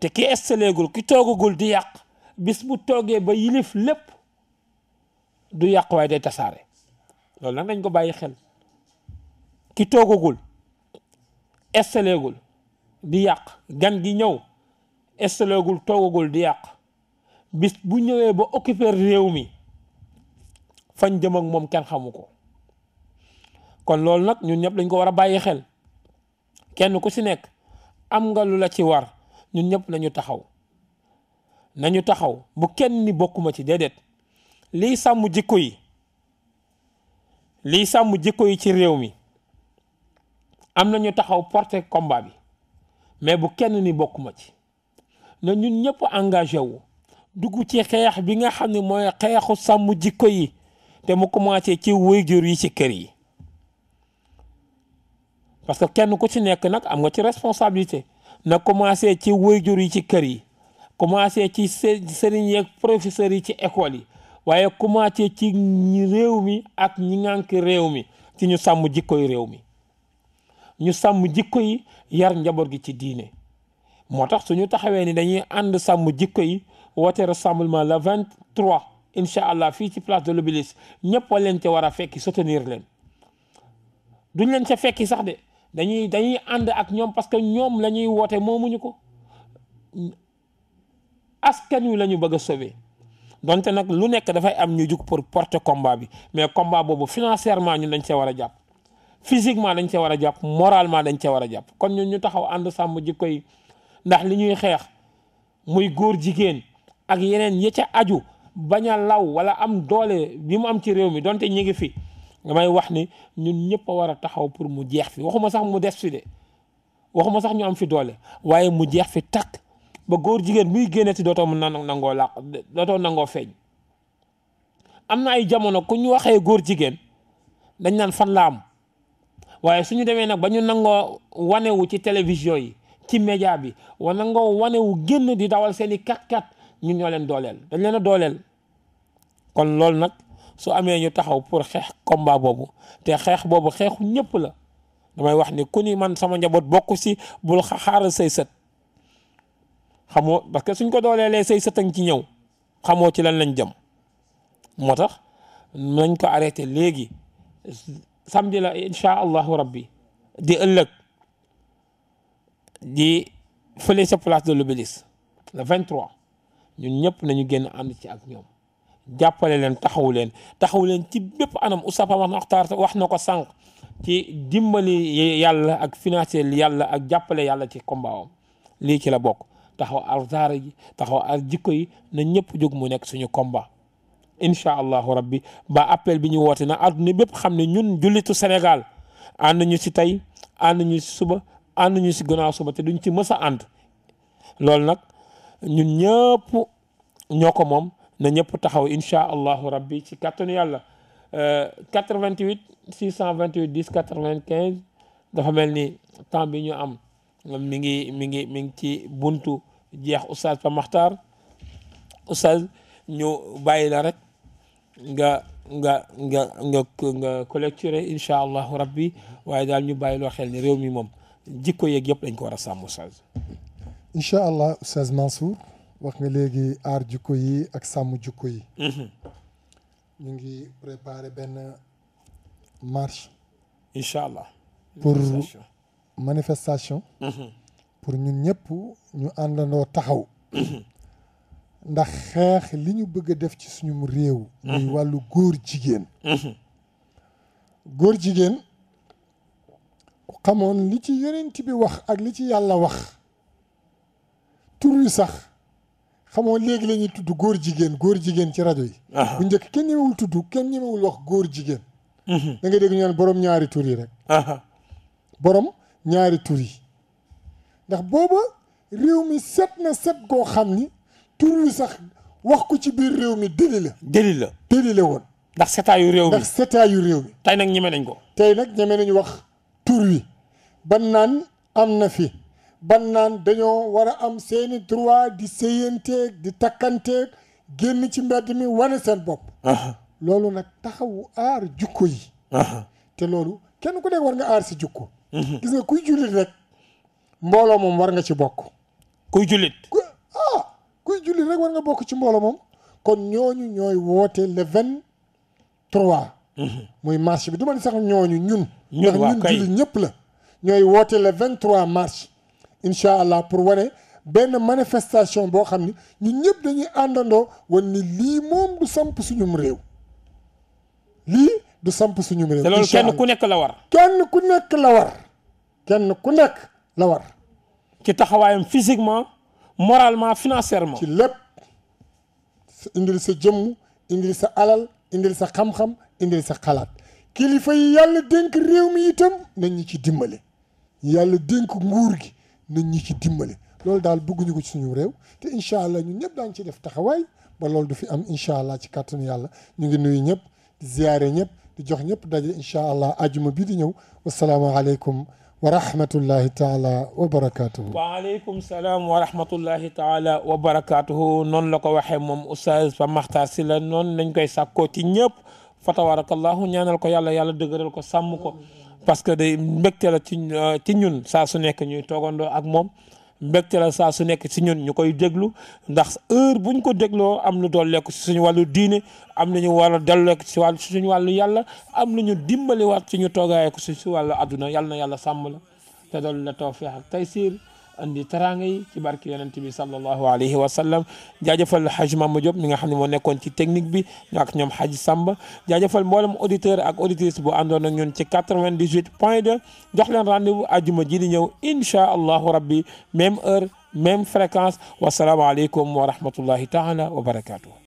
te ki installégul ki toogagul di yàq bis bu toogee ba yilif lépp du yàq waaye day tasaare loolu nag nañ ko bàyyi xel ki toogagul esteléegul di yàq gan gi ñëw esteléegul toogagul di yàq bis bu ñëwee ba occuper réew mi fañ jëm ak moom kenn xamu ko kon loolu nag ñun ñëpp dañ ko war a bàyyi xel kenn ku ci nekk am nga lu la ci war ñun ñëpp nañu taxaw nañu taxaw bu kenn ni bokkuma ci déedéet liy sàmm jikko yi liy sàmm jikko yi ci réew mi am na ñu taxaw porter combat bi mais bu kenn ni bokkuma ci na ñun ñëpp engagé wu dugg ci xeex bi nga xam ni mooy xeexu sàmm jikko yi te mu commencé ci waajur yi ci kër yi parce que kenn ku ci nekk nag am nga ci responsabilité na commencé ci waajur yi ci kër yi commencé ci sëriñ yeeg professeurs yi ci école yi waaye commencé ci réew mi ak ñi ngànk réew mi ci ñu sàmm jikkoy réew mi ñu sàmm jikko yi yar njaboot gi ci diine moo tax su ñu taxawee ni dañuy ànd sàmm jikko yi woote la vingt trois incha allah fii ci place de l'Obélisque ñëpp a leen ca war a fekki soutenir leen duñ leen ca fekki sax de dañuy dañuy ànd ak ñoom parce que ñoom lañuy woote moomuñu ko askan wi la ñu bëgg a sauver donte nag lu nekk dafay am ñu jug pour porte combat bi mais combat boobu financièrement ñun dañ see war a jàpp. physiquement dañ cee war a jàpp moralement dañ cee war a jàpp kon ñun ñu taxaw ànd sàmm jikko koy ndax li ñuy xeex muy góor jigéen ak yeneen ya ca aju bañ a law wala am doole bi mu am ci réew mi donte ñu ngi fi damay wax ni ñun ñëpp war a taxaw pour mu jeex fi waxuma sax mu des fi de waxuma sax ñu am fi doole waaye mu jeex fi takk ba góor jigéen muy génnati dootoo mu nangoo làq dootoo nangoo feeñ am na ay jamono ku ñu waxee góor jigéen dañ naan fan la am waaye suñu demee nag ba ñu nangoo wanewu ci télévision yi ci média bi wa nangoo wanewu génn di dawal seen i kat-kat ñun ñoo leen dooleel dañ leen a dooleel kon loolu nag su amee ñu taxaw pour xeex combat boobu te xeex boobu xeexu ñëpp la damay wax ni ku ni man sama njaboot bokk si bul xaaral say sët xamoo parce que suñ ko dooleelee say sët a ngi ci ñëw xamoo ci lan lañ jëm moo tax nañ ko arrêté léegi samedi la incha allahu rabbi di ëllëg di fële sa place de l'obélisque le 23 ñun ñëpp nañu génn ànd ci ak ñoom jàppale leen taxawu leen taxawu leen ci bépp anam Oustapha wax na waxtaar wax na ko sànq ci dimbali yàlla ak financer yàlla ak jàppale yàlla ci kombaawam li ci la bokk taxaw ar daara ji taxaw ar jikko yi na ñëpp jóg mu nekk suñu combat incha allahu rabbi ba appel bi ñu woote na àdduna bépp xam ne ñun jullitu Sénégal ànd ñu si tey ànd ñu si suba ànd ñu si gannaaw suba te duñ ci mës a ànd loolu nag ñun ñëpp ñoo ko moom na ñëpp taxaw incha allahu rabbi ci kàttanu yàlla 88 628 10 95 dafa mel ni temps bi ñu am mi ngi mi ngi mi ngi ci buntu jeex oustaz Pa Makhtar oustaz ñu bàyyi la rek nga nga nga nga nga collecturé incha allahu rabbi waaye daal ñu bàyyiloo xel ni réew mi moom jikko yeeg yëpp dañ ko war a sàmm Oustaz incha allah Oustaz Mansour wax nga léegi aar jikko yi ak sàmm jikko yi mhm. ñu ngi préparer benn marche incha allah pour manifestation mhm. pour ñu ñëpp ñu àndandoo taxaw mhm. ndax xeex li ñu bëgg a def ci suñu réew. muy mhm. wàllu góor jigéen. Mhm. góor jigéen xamoon li ci yonent bi wax ak li ci yàlla wax tur wi sax xamoon léegi la ñuy tudd góor jigéen góor jigéen ci rajo yi. bu njëkk kenn ñemewul tudd kenn ñemewul wax góor jigéen. Mhm. da nga dégg ñu naan borom ñaari tur yi rek. boroom ñaari tur yi ndax booba réew mi set na set goo xam ni. tur wi sax wax ko ci biir réew mi déli la. déli la woon. ndax setaayu réew mi ndax setaayu réew mi. tey nag ñeme nañ ko. tey nag ñeme nañu wax tur wi ban naan am na fi ban naan dañoo war a am seeni droit di séyanteeg di takkanteeg génn ci mbedd mi war wane seen bopp. loolu nag taxawu aar jukko yi. te loolu kenn ku nekk war nga aar si jukko. Mhm. gis nga kuy jullit rek mbooloo moom war nga ci bokk. kuy jullit. ah kuy julli rek war nga ci kon le vingt trois mhm. muy marche bi du ma ñooñu ñun ñun julli ñëpp la le pour manifestation boo xam ñun ñëpp dañuy ni moom du samp suñum réew lii du samp suñum réew te kenn ku la war kenn ku la war kenn ku la war ci physiquement moralement financièrement. ci lépp indil sa jëmm indil sa alal indil sa xam-xam indil sa xalaat kilifa yi yàlla dénk réew mi itam nañ ñu ci dimbale. yàlla dénk nguur gi nañ ñi ci dimbale loolu daal bëgguñu ko ci suñu réew te incha allah ñu ñëpp daañu ci def taxawaay ba loolu du fi am incha allah ci kàttanu yàlla ñu ngi nuyu ñëpp di ziyaare ñëpp di jox ñëpp daje incha allah ajuma bii di ñëw aleykum ورحمة الله تعالى وبركاته وعليكم السلام ورحمة الله تعالى وبركاته نون لك وحي موم أستاذ فمختار سيلا نون نكوي ساكو تي فتوارك الله ñaanal لك yalla yalla deugural لك sam ko parce que day mbekté la نيو ci ñun mbégte la saa su nekk si ñun ñu koy déglu ndax heure ñu ko dégloo am lu dool lekk si suñu wàllu diine am nañu war a lekk si wàllu si suñu wàllu yàlla am nañu dimbaliwaat si ñu toogaayee ko si si wàllu àdduna yàlla na yàlla sàmm la te dool la tawfiix ak taysiir andi teraanga yi ci barki yonent bi sallallahu alayhi wa sallam jajeufal hajj mamou job mi nga xamni mo nekkon ci technique bi ak ñom hajj Samba jajeufal mbolam auditeur ak auditrice bu andon ak ñun ci 98.2 jox leen rendez-vous aljuma ji di ñëw insha allah rabbi même heure même fréquence alaykum wa rahmatullahi taala wa barakatuh